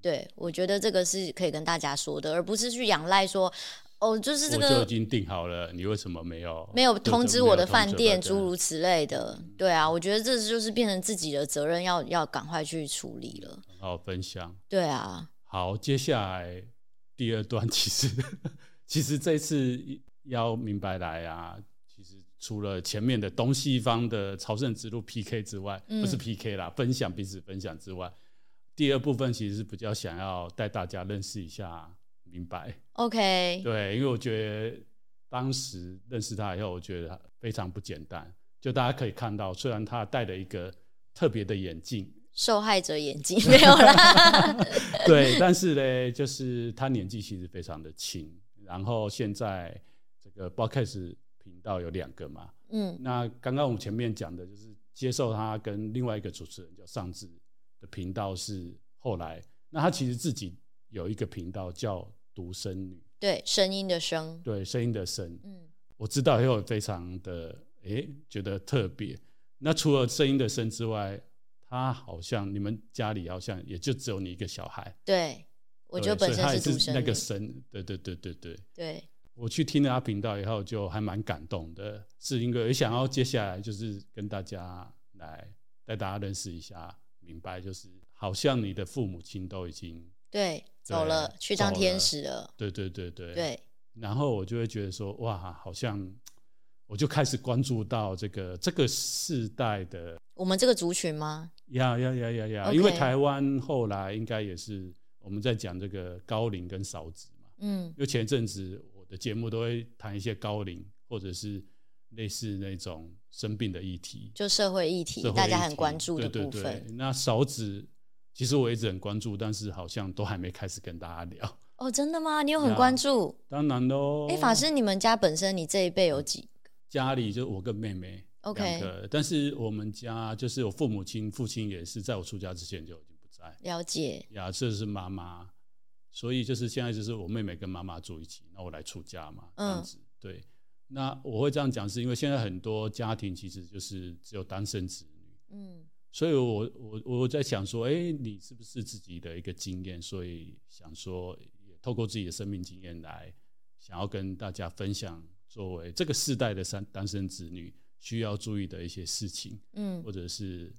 對，我覺得這個是可以跟大家說的，而不是去仰賴說哦，就是這個我就已經訂好了，你為什麼沒有沒有通知我的飯店，諸如此類的。嗯、對啊，我覺得這就是變成自己的責任要，要要趕快去處理了。好，分享。對啊。好，接下來第二段其，其實其實這次。要明白來啊！其實除了前面的東西方的朝聖之路 PK 之外，嗯、不是 PK 啦，分享彼此分享之外，第二部分其實是比較想要帶大家認識一下明白。OK，對，因為我覺得當時認識他以後，我覺得他非常不簡單。就大家可以看到，雖然他戴了一個特別的眼鏡，受害者眼鏡，沒有啦。 對，但是呢，就是他年紀其實非常的輕，然後現在。呃，Podcast 頻道有兩個嘛，嗯，那剛剛我們前面講的就是接受他跟另外一個主持人叫尚智的頻道是後來，那他其實自己有一個頻道叫獨聲女。對，聲音的聲，對，聲音的聲，嗯，我知道也有非常的，哎，覺得特別。那除了聲音的聲之外，他好像你們家裡好像也就只有你一個小孩。對，我覺得本身是獨生，那個聲，對對對對對。對。對我去聽了他頻道以後，就還蠻感動的，是因為也想要接下來就是跟大家來帶大家認識一下，明白就是好像你的父母親都已經對，對走了，去當天使了，了。對對對對對。對，然後我就會覺得說，哇，好像我就開始關注到這個這個世代的我們這個族群嗎？呀呀呀呀，因為台灣後來應該也是我們在講這個高齡跟少子嘛。嗯，因為前陣子。的節目都會談一些高齡或者是類似那種生病的議題，就社會議題，議題大家很關注的部分。對對對，那少子其實我一直很關注，但是好像都還沒開始跟大家聊。哦，真的嗎？你有很關注？啊、當然嘍。哎、欸，法師，你們家本身你這一輩有幾個、嗯？家裡就是我跟妹妹，OK，兩個，但是我們家就是我父母親，父親也是在我出家之前就已經不在。了解。呀、啊，這是媽媽。所以就是現在就是我妹妹跟媽媽住一起，那我來出家嘛，這樣子。嗯、對，那我會這樣講，是因為現在很多家庭其實就是只有單身子女。嗯，所以我我我在想說，哎、欸，你是不是自己的一個經驗，所以想說也透過自己的生命經驗來，想要跟大家分享，作為這個世代的單單身子女需要注意的一些事情，嗯，或者是。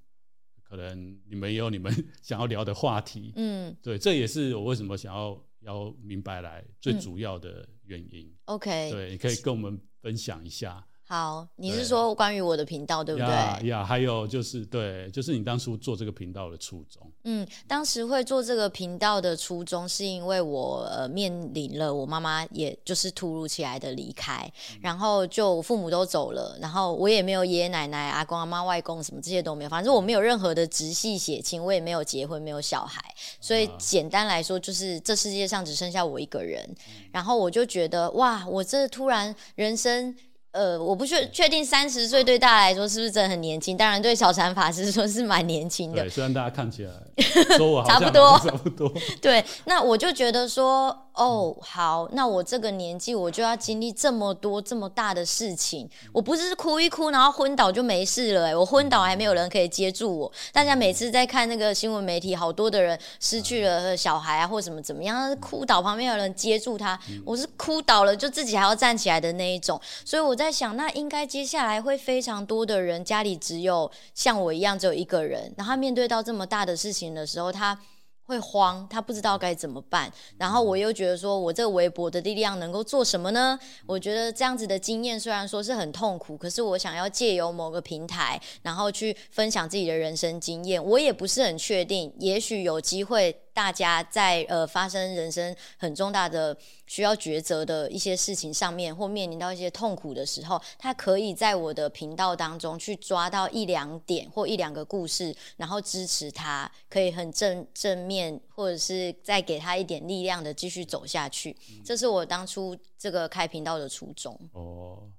可能你們也有你們想要聊的話題，嗯，對，這也是我為什麼想要要明白來最主要的原因。嗯、OK，對，你可以跟我們分享一下。好，你是說關於我的頻道對，對不對？呀呀，還有就是，對，就是你當初做這個頻道的初衷。嗯，當時會做這個頻道的初衷，是因為我呃，面臨了我媽媽，也就是突如其來的離開，嗯、然後就父母都走了，然後我也沒有爺爺奶奶、阿公阿媽、外公什麼這些都沒有，反正我沒有任何的直系血親，我也沒有結婚，沒有小孩，所以簡單來說，就是這世界上只剩下我一個人。嗯、然後我就覺得，哇，我這突然人生。呃，我不確確定三十歲對大家來說是不是真的很年輕，當然對小禪法師說是蠻年輕的。對，雖然大家看起來， 差不多， 差不多。對，那我就覺得說。哦，oh, 好，那我這個年紀我就要經歷這麼多這麼大的事情，我不是哭一哭然後昏倒就沒事了欸，我昏倒還沒有人可以接住我。大家每次在看那個新聞媒體，好多的人失去了小孩啊，或什麼怎麼樣，哭倒旁邊有人接住他，我是哭倒了就自己還要站起來的那一種。所以我在想，那應該接下來會非常多的人家裡只有像我一樣只有一個人，然後面對到這麼大的事情的時候，他。會慌，他不知道該怎麼辦。然後我又覺得說，我這個微薄的力量能夠做什麼呢？我覺得這樣子的經驗雖然說是很痛苦，可是我想要借由某個平台，然後去分享自己的人生經驗。我也不是很確定，也許有機會。大家在呃，發生人生很重大的需要抉擇的一些事情上面，或面臨到一些痛苦的時候，他可以在我的頻道當中去抓到一兩點或一兩個故事，然後支持他可以很正正面，或者是再給他一點力量的繼續走下去。嗯。這是我當初這個開頻道的初衷。哦，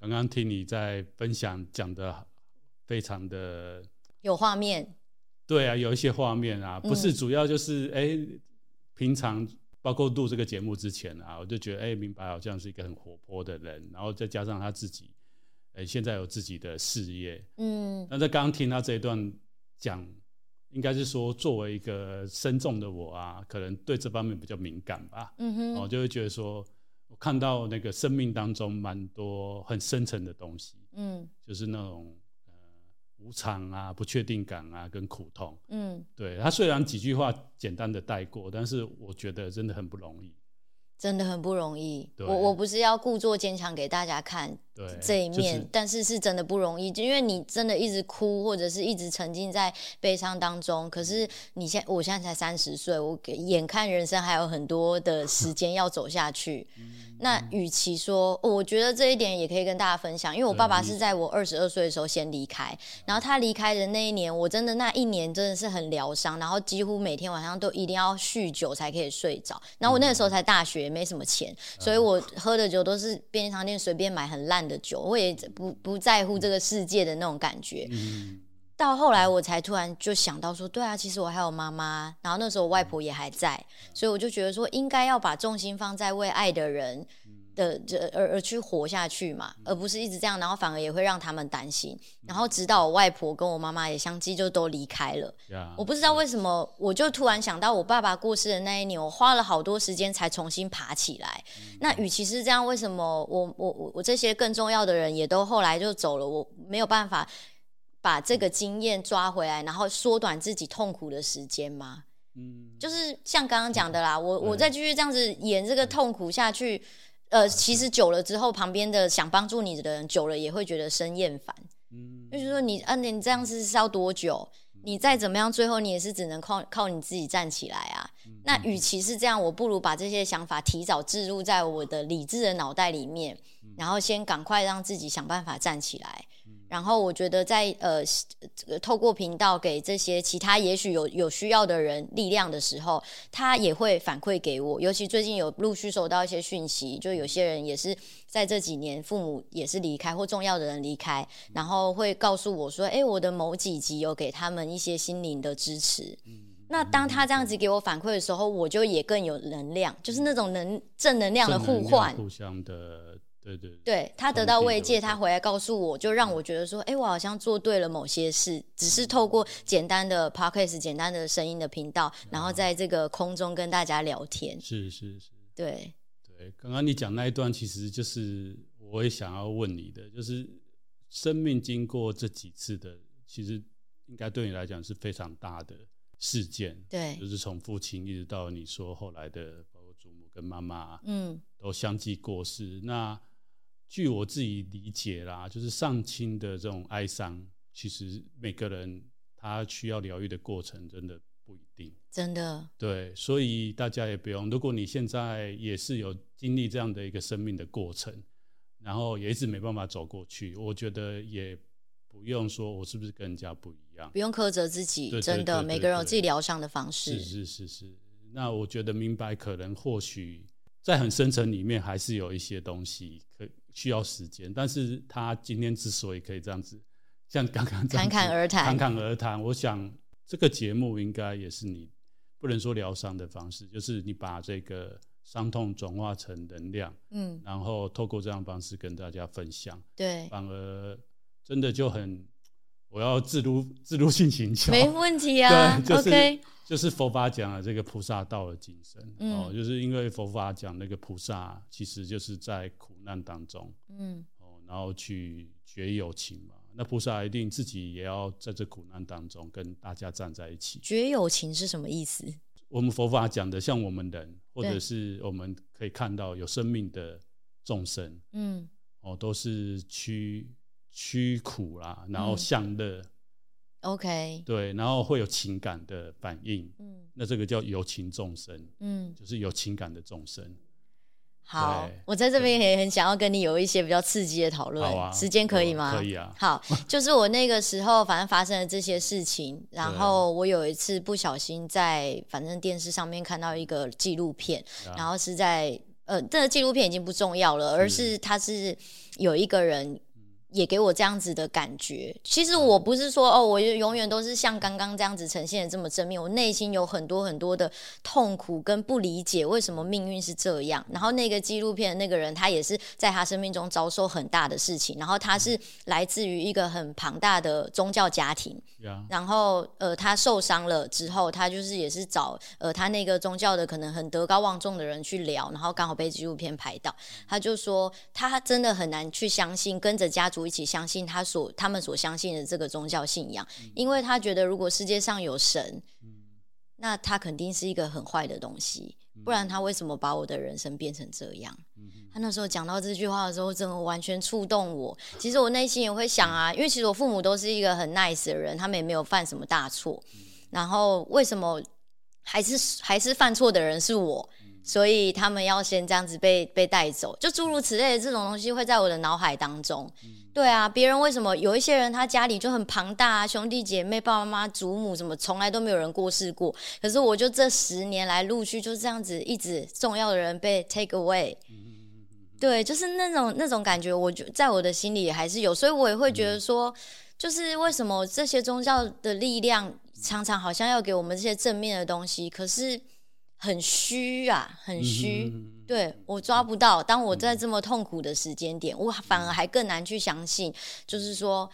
剛剛聽你在分享講的非常的有畫面。對啊，有一些畫面啊，不是主要就是哎、嗯，平常包括錄這個節目之前啊，我就覺得哎，明白好像是一個很活潑的人，然後再加上他自己，哎，現在有自己的事業，嗯，那在剛剛聽他這一段講，應該是說作為一個僧眾的我啊，可能對這方面比較敏感吧，嗯哼，我就會覺得說，我看到那個生命當中蠻多很深沉的東西，嗯，就是那種。無常啊，不確定感啊，跟苦痛。嗯，對，他雖然幾句話簡單的帶過，但是我覺得真的很不容易，真的很不容易。對我我不是要故作堅強給大家看。對，就是、這一面，但是是真的不容易，就因為你真的一直哭，或者是一直沉浸在悲傷當中。可是你現，我現在才三十歲，我眼看人生還有很多的時間要走下去。 嗯、那與其說，我覺得這一點也可以跟大家分享，因為我爸爸是在我二十二歲的時候先離開，然後他離開的那一年，我真的那一年真的是很療傷，然後幾乎每天晚上都一定要酗酒才可以睡着。然後我那個時候才大學，沒什麼錢，嗯、所以我喝的酒都是便利商店隨便買，很爛的。的我也不不在乎這個世界的那種感覺。到後來，我才突然就想到說，對啊，其實我還有媽媽，然後那時候我外婆也還在，所以我就覺得說，應該要把重心放在為愛的人。的，這而而去活下去嘛，嗯、而不是一直這樣，然後反而也會讓他們擔心，嗯、然後直到我外婆跟我媽媽也相繼就都離開了。Yeah, 我不知道為什麼，我就突然想到我爸爸過世的那一年，我花了好多時間才重新爬起來。嗯、那與其是這樣，為什麼我我我這些更重要的人也都後來就走了，我沒有辦法把這個經驗抓回來，然後縮短自己痛苦的時間嗎？嗯，就是像剛剛講的啦，嗯、我我再繼續這樣子演這個痛苦下去。呃，其實久了之後，旁邊的想幫助你的人，久了也會覺得生厭煩。嗯，就是說你，按、啊、你這樣子是要多久？嗯、你再怎麼樣，最後你也是只能靠靠你自己站起來啊。嗯、那與其是這樣，我不如把這些想法提早置入在我的理智的腦袋裡面，嗯、然後先趕快讓自己想辦法站起來。然後我覺得在，在呃，透過頻道給這些其他也許有有需要的人力量的時候，他也會反饋給我。尤其最近有陸續收到一些訊息，就有些人也是在這幾年父母也是離開或重要的人離開，然後會告訴我說：“哎，我的某幾集有給他們一些心靈的支持。”嗯，那當他這樣子給我反饋的時候，我就也更有能量，就是那種能正能量的互換，互相的。對對，對他得到慰藉，對對他回來告訴我，就讓我覺得說，哎對，我好像做對了某些事，只是透過簡單的 podcast、簡單的聲音的頻道，嗯、然後在這個空中跟大家聊天。是是是，對對，剛剛你講那一段，其實就是我也想要問你的，就是生命經過這幾次的，其實應該對你來講是非常大的事件。對，就是從父親一直到你說後來的，包括祖母跟媽媽，嗯，都相繼過世，那。據我自己理解啦，就是喪親的這種哀傷，其實每個人他需要療癒的過程，真的不一定，真的對，所以大家也不用。如果你現在也是有經歷這樣的一個生命的過程，然後也一直沒辦法走過去，我覺得也不用說，我是不是跟人家不一樣，不用苛責自己，真的，每個人有自己療傷的方式，是是是是。那我覺得明白，可能或許在很深層裡面，還是有一些東西可。需要時間，但是他今天之所以可以這樣子，像剛剛這樣侃侃而談，侃侃而談，我想這個節目應該也是你不能說療傷的方式，就是你把這個傷痛轉化成能量，嗯，然後透過這樣方式跟大家分享，對，反而真的就很。我要自如，自如性行沒問題啊。o 就是 Okay. 就是佛法講的這個菩薩道的精神、嗯、哦，就是因為佛法講那個菩薩，其實就是在苦難當中，嗯，哦，然後去覺有情嘛。那菩薩一定自己也要在這苦難當中跟大家站在一起。覺有情是什麼意思？我們佛法講的，像我們人，對或者是我們可以看到有生命的眾生，嗯，哦，都是去。趨苦啦、啊，然後向樂、嗯、，OK，對，然後會有情感的反應，嗯，那這個叫有情眾生，嗯，就是有情感的眾生。好，對我在這邊也很想要跟你有一些比較刺激的討論，啊、時間可以嗎？可以啊。好，就是我那個時候反正發生了這些事情， 然後我有一次不小心在反正電視上面看到一個紀錄片，啊、然後是在呃，這個紀錄片已經不重要了，而是它是有一個人。也給我這樣子的感覺。其實我不是說哦，我就永遠都是像剛剛這樣子呈現的這麼正面。我內心有很多很多的痛苦跟不理解，為什麼命運是這樣？然後那個紀錄片的那個人，他也是在他生命中遭受很大的事情。然後他是來自於一個很龐大的宗教家庭。Yeah. 然後呃，他受傷了之後，他就是也是找呃他那個宗教的可能很德高望重的人去聊，然後剛好被紀錄片拍到。他就說他真的很難去相信跟着家族，一起相信他所他們所相信的這個宗教信仰。因為他覺得如果世界上有神，那他肯定是一個很壞的東西，不然他為什麼把我的人生變成這樣？他那時候講到這句話的時候，真的完全觸動我。其實我內心也會想啊，因為其實我父母都是一個很 nice 的人，他們也沒有犯什麼大錯，然後為什麼還是還是犯錯的人是我？所以他們要先這樣子被被帶走，就諸如此類的這種東西，會在我的腦海當中。對啊，別人為什麼有一些人他家裡就很龐大啊，兄弟姐妹、爸爸媽媽、祖母什麼，從來都沒有人過世過。可是我就這十年來陸續就這樣子一直重要的人被 take away。嗯、對，就是那種那種感覺，我就在我的心裡還是有，所以我也會覺得說，嗯、就是為什麼這些宗教的力量常常好像要給我們這些正面的東西，可是。很虛啊，很虛，mm hmm. 對我抓不到。當我在這麼痛苦的時間點，嗯、我反而還更難去相信，就是說，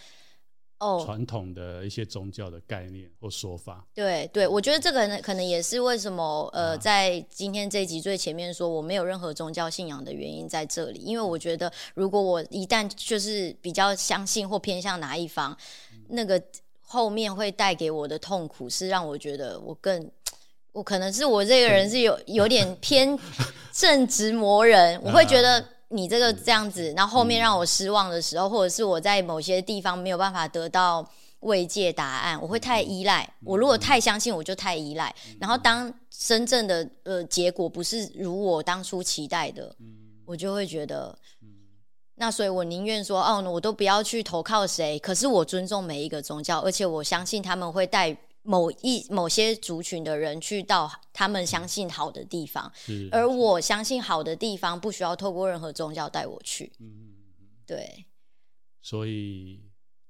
嗯、哦，傳統的一些宗教的概念或說法。對對，我覺得這個可能可能也是為什麼，呃，啊、在今天這一集最前面說我沒有任何宗教信仰的原因在這裡，因為我覺得如果我一旦就是比較相信或偏向哪一方，嗯、那個後面會帶給我的痛苦是讓我覺得我更。我可能是我這個人是有有點偏正直魔人，我會覺得你這個這樣子，然後後面讓我失望的時候，或者是我在某些地方沒有辦法得到慰藉答案，我會太依賴。我如果太相信，我就太依賴。然後當真正的呃結果不是如我當初期待的，我就會覺得，那所以我寧願說哦，我都不要去投靠誰。可是我尊重每一個宗教，而且我相信他們會帶某一某些族群的人去到他們相信好的地方，而我相信好的地方不需要透過任何宗教帶我去。嗯，對。所以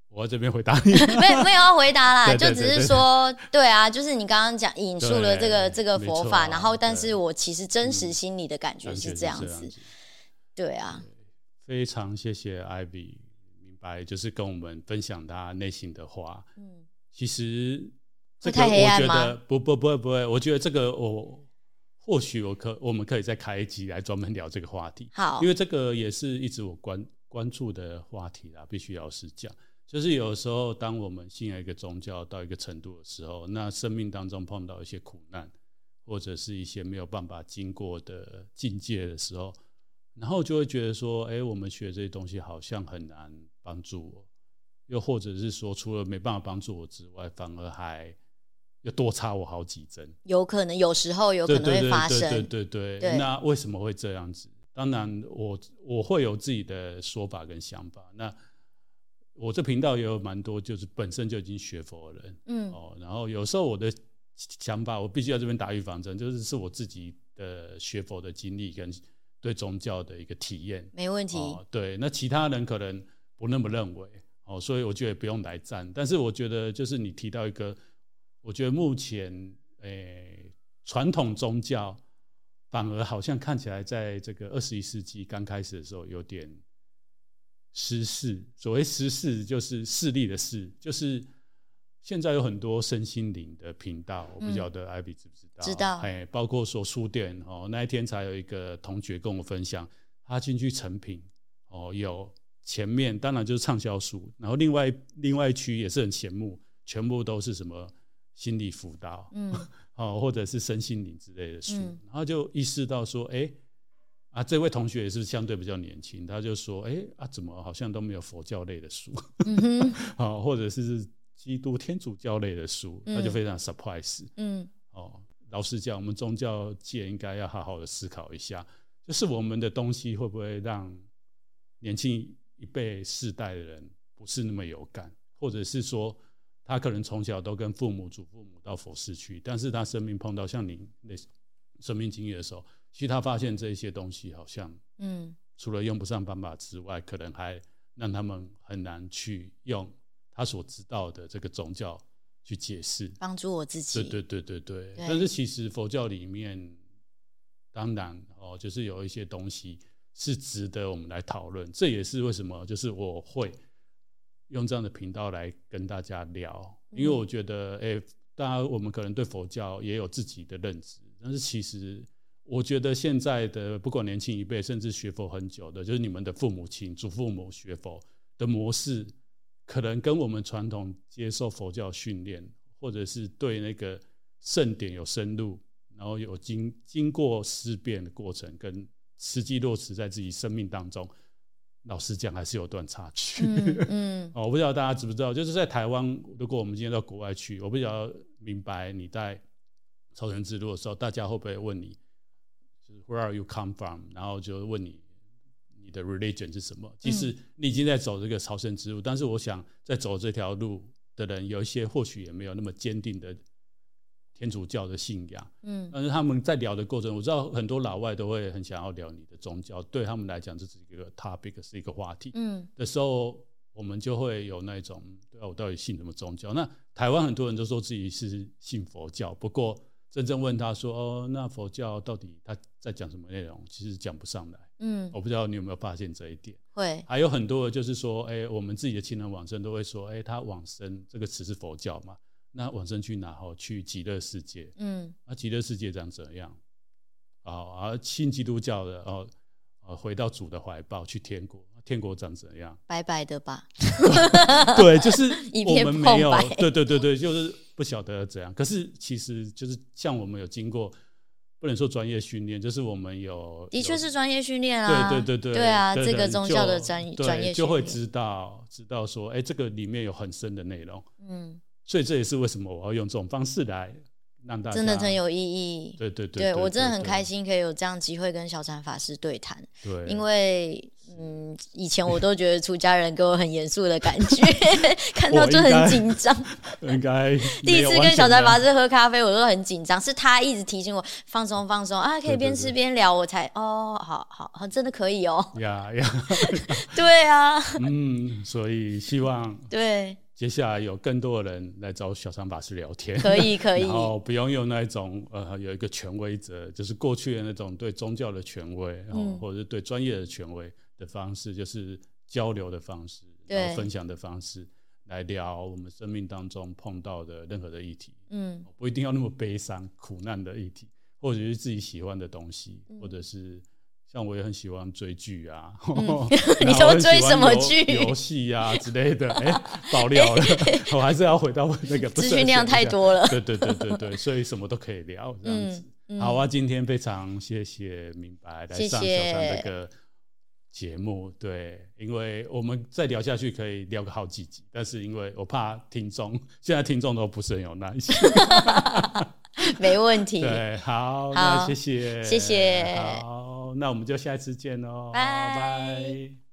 我要這邊回答你，沒沒有要回答啦，就只是說，對啊，就是你剛剛講引述了這個這個佛法，然後，但是我其實真實心裡的感覺是這樣子。對啊，非常謝謝 Ivy，明白就是跟我們分享他內心的話。嗯，其實。這個我覺得不不不會不會，我覺得這個我或許我可我們可以再開一集來專門聊這個話題。好因為這個也是一直我關關注的話題啦，必須要是講。就是有時候當我們信仰一個宗教到一個程度的時候，那生命當中碰到一些苦難，或者是一些沒有辦法經過的境界的時候，然後就會覺得說，哎，我們學這些東西好像很難幫助我，又或者是說，除了沒辦法幫助我之外，反而還。要多插我好幾針，有可能有時候有可能會發生，對對對,對,對,對,對對對，對那為什麼會這樣子？當然我，我我會有自己的說法跟想法。那我這頻道也有蠻多，就是本身就已經學佛的人。嗯、哦、然後有時候我的想法，我必須要這邊打預防針，就是是我自己的學佛的經歷跟對宗教的一個體驗。沒問題、哦，對。那其他人可能不那麼認為，哦，所以我覺得不用來戰。但是我覺得，就是你提到一個。我覺得目前，誒、欸，傳統宗教反而好像看起來，在這個二十一世紀剛開始的時候，有點失勢。所謂失勢，就是勢力的勢，就是現在有很多身心靈的頻道，我不曉得 Ivy 知不知道？嗯、知道、欸。包括說書店哦，那一天才有一個同學跟我分享，他進去誠品哦，有前面當然就是暢銷書，然後另外另外一區也是很羨慕，全部都是什麼？心理輔導，嗯，好、哦，或者是身心靈之類的書，嗯、然後就意識到說，哎、欸，啊，這位同學也是相對比較年輕，他就說，哎、欸，啊，怎麼好像都沒有佛教類的書？嗯、哼呵呵或者是基督天主教類的書，嗯、他就非常 surprise。、嗯哦、老實講，我們宗教界應該要好好的思考一下，就是我們的東西會不會讓年輕一輩世代的人不是那麼有感，或者是說。他可能從小都跟父母、祖父母到佛寺去，但是他生命碰到像您那生命經歷的時候，其實他發現這一些東西好像，嗯，除了用不上方法之外，嗯、可能還讓他們很難去用他所知道的這個宗教去解釋。幫助我自己。對對對對對。對但是其實佛教裡面，當然哦，就是有一些東西是值得我們來討論。這也是為什麼，就是我會。用這樣的頻道來跟大家聊，因為我覺得，哎、欸，當然我們可能對佛教也有自己的認知，但是其實，我覺得現在的不管年輕一輩，甚至學佛很久的，就是你們的父母親、祖父母學佛的模式，可能跟我們傳統接受佛教訓練，或者是對那個聖典有深入，然後有經經過思辨的過程，跟實際落實在自己生命當中，老實講，還是有段差距，嗯。嗯、 哦、我不知道大家知不知道，就是在台灣，如果我們今天到國外去，我不知道明白你在朝聖之路的時候，大家會不會問你，就是 Where are you come from？然後就問你你的 religion 是什麼？即使你已經在走這個朝聖之路，嗯、但是我想在走這條路的人，有一些或許也沒有那麼堅定的。天主教的信仰，嗯，但是他們在聊的過程，我知道很多老外都會很想要聊你的宗教，對他們來講這是一個 topic 是一個話題，嗯，的時候我們就會有那種，對啊，我到底信什麼宗教？那台灣很多人都說自己是信佛教，不過真正問他說，哦，那佛教到底他在講什麼內容？其實講不上來，嗯，我不知道你有沒有發現這一點。會，還有很多就是說，欸，我們自己的親人往生都會說，欸，他往生這個詞是佛教嘛？那往生去哪？哦，去極樂世界。嗯，啊，極樂世界長怎樣？哦、啊，而信基督教的哦，啊，回到主的懷抱，去天國，啊、天國長怎樣？白白的吧。 對，就是我們沒有。 對對對對，就是不曉得怎樣。可是其實，就是像我們有經過，不能說專業訓練，就是我們有，有的確是專業訓練啊。對對對對，對啊，這個宗教的專業，對專業訓練就會知道，知道說，哎，這個裡面有很深的內容。嗯。所以這也是為什麼我要用這種方式來讓大家真的很有意義。對對對，對，對我真的很開心，可以有這樣的機會跟小禪法師對談。對，因為嗯，以前我都覺得出家人給我很嚴肅的感覺， 看到就很緊張。應該，應該第一次跟小禪法師喝咖啡，我都很緊張，是他一直提醒我放鬆放鬆啊，可以邊吃邊聊，對對對我才哦，好好好，真的可以哦。呀呀，對啊。嗯，所以希望、嗯、對。接下來有更多的人來找小禪法師聊天。可，可以可以， 然後不用用那一種呃有一個權威者，就是過去的那種對宗教的權威，然後、哦、嗯、或者是對專業的權威的方式，就是交流的方式，然後分享的方式對來聊我們生命當中碰到的任何的議題，嗯，不一定要那麼悲傷苦難的議題，或者是自己喜歡的東西，或者是。像我也很喜歡追劇啊、嗯，你說追什麼劇？遊戲 啊之類的、嗯。哎、欸，爆料了， 我還是要回到那個。資訊量太多了。對對對對對，所以什麼都可以聊。這樣子、嗯嗯、好啊，今天非常謝謝明白來上小禪那個節目。謝謝對，因為我們再聊下去可以聊個好幾集，但是因為我怕聽眾，現在聽眾都不是很有耐心。 沒問題。對，好，好那謝謝，謝謝。好哦、那我們就下一次見嘍，拜拜。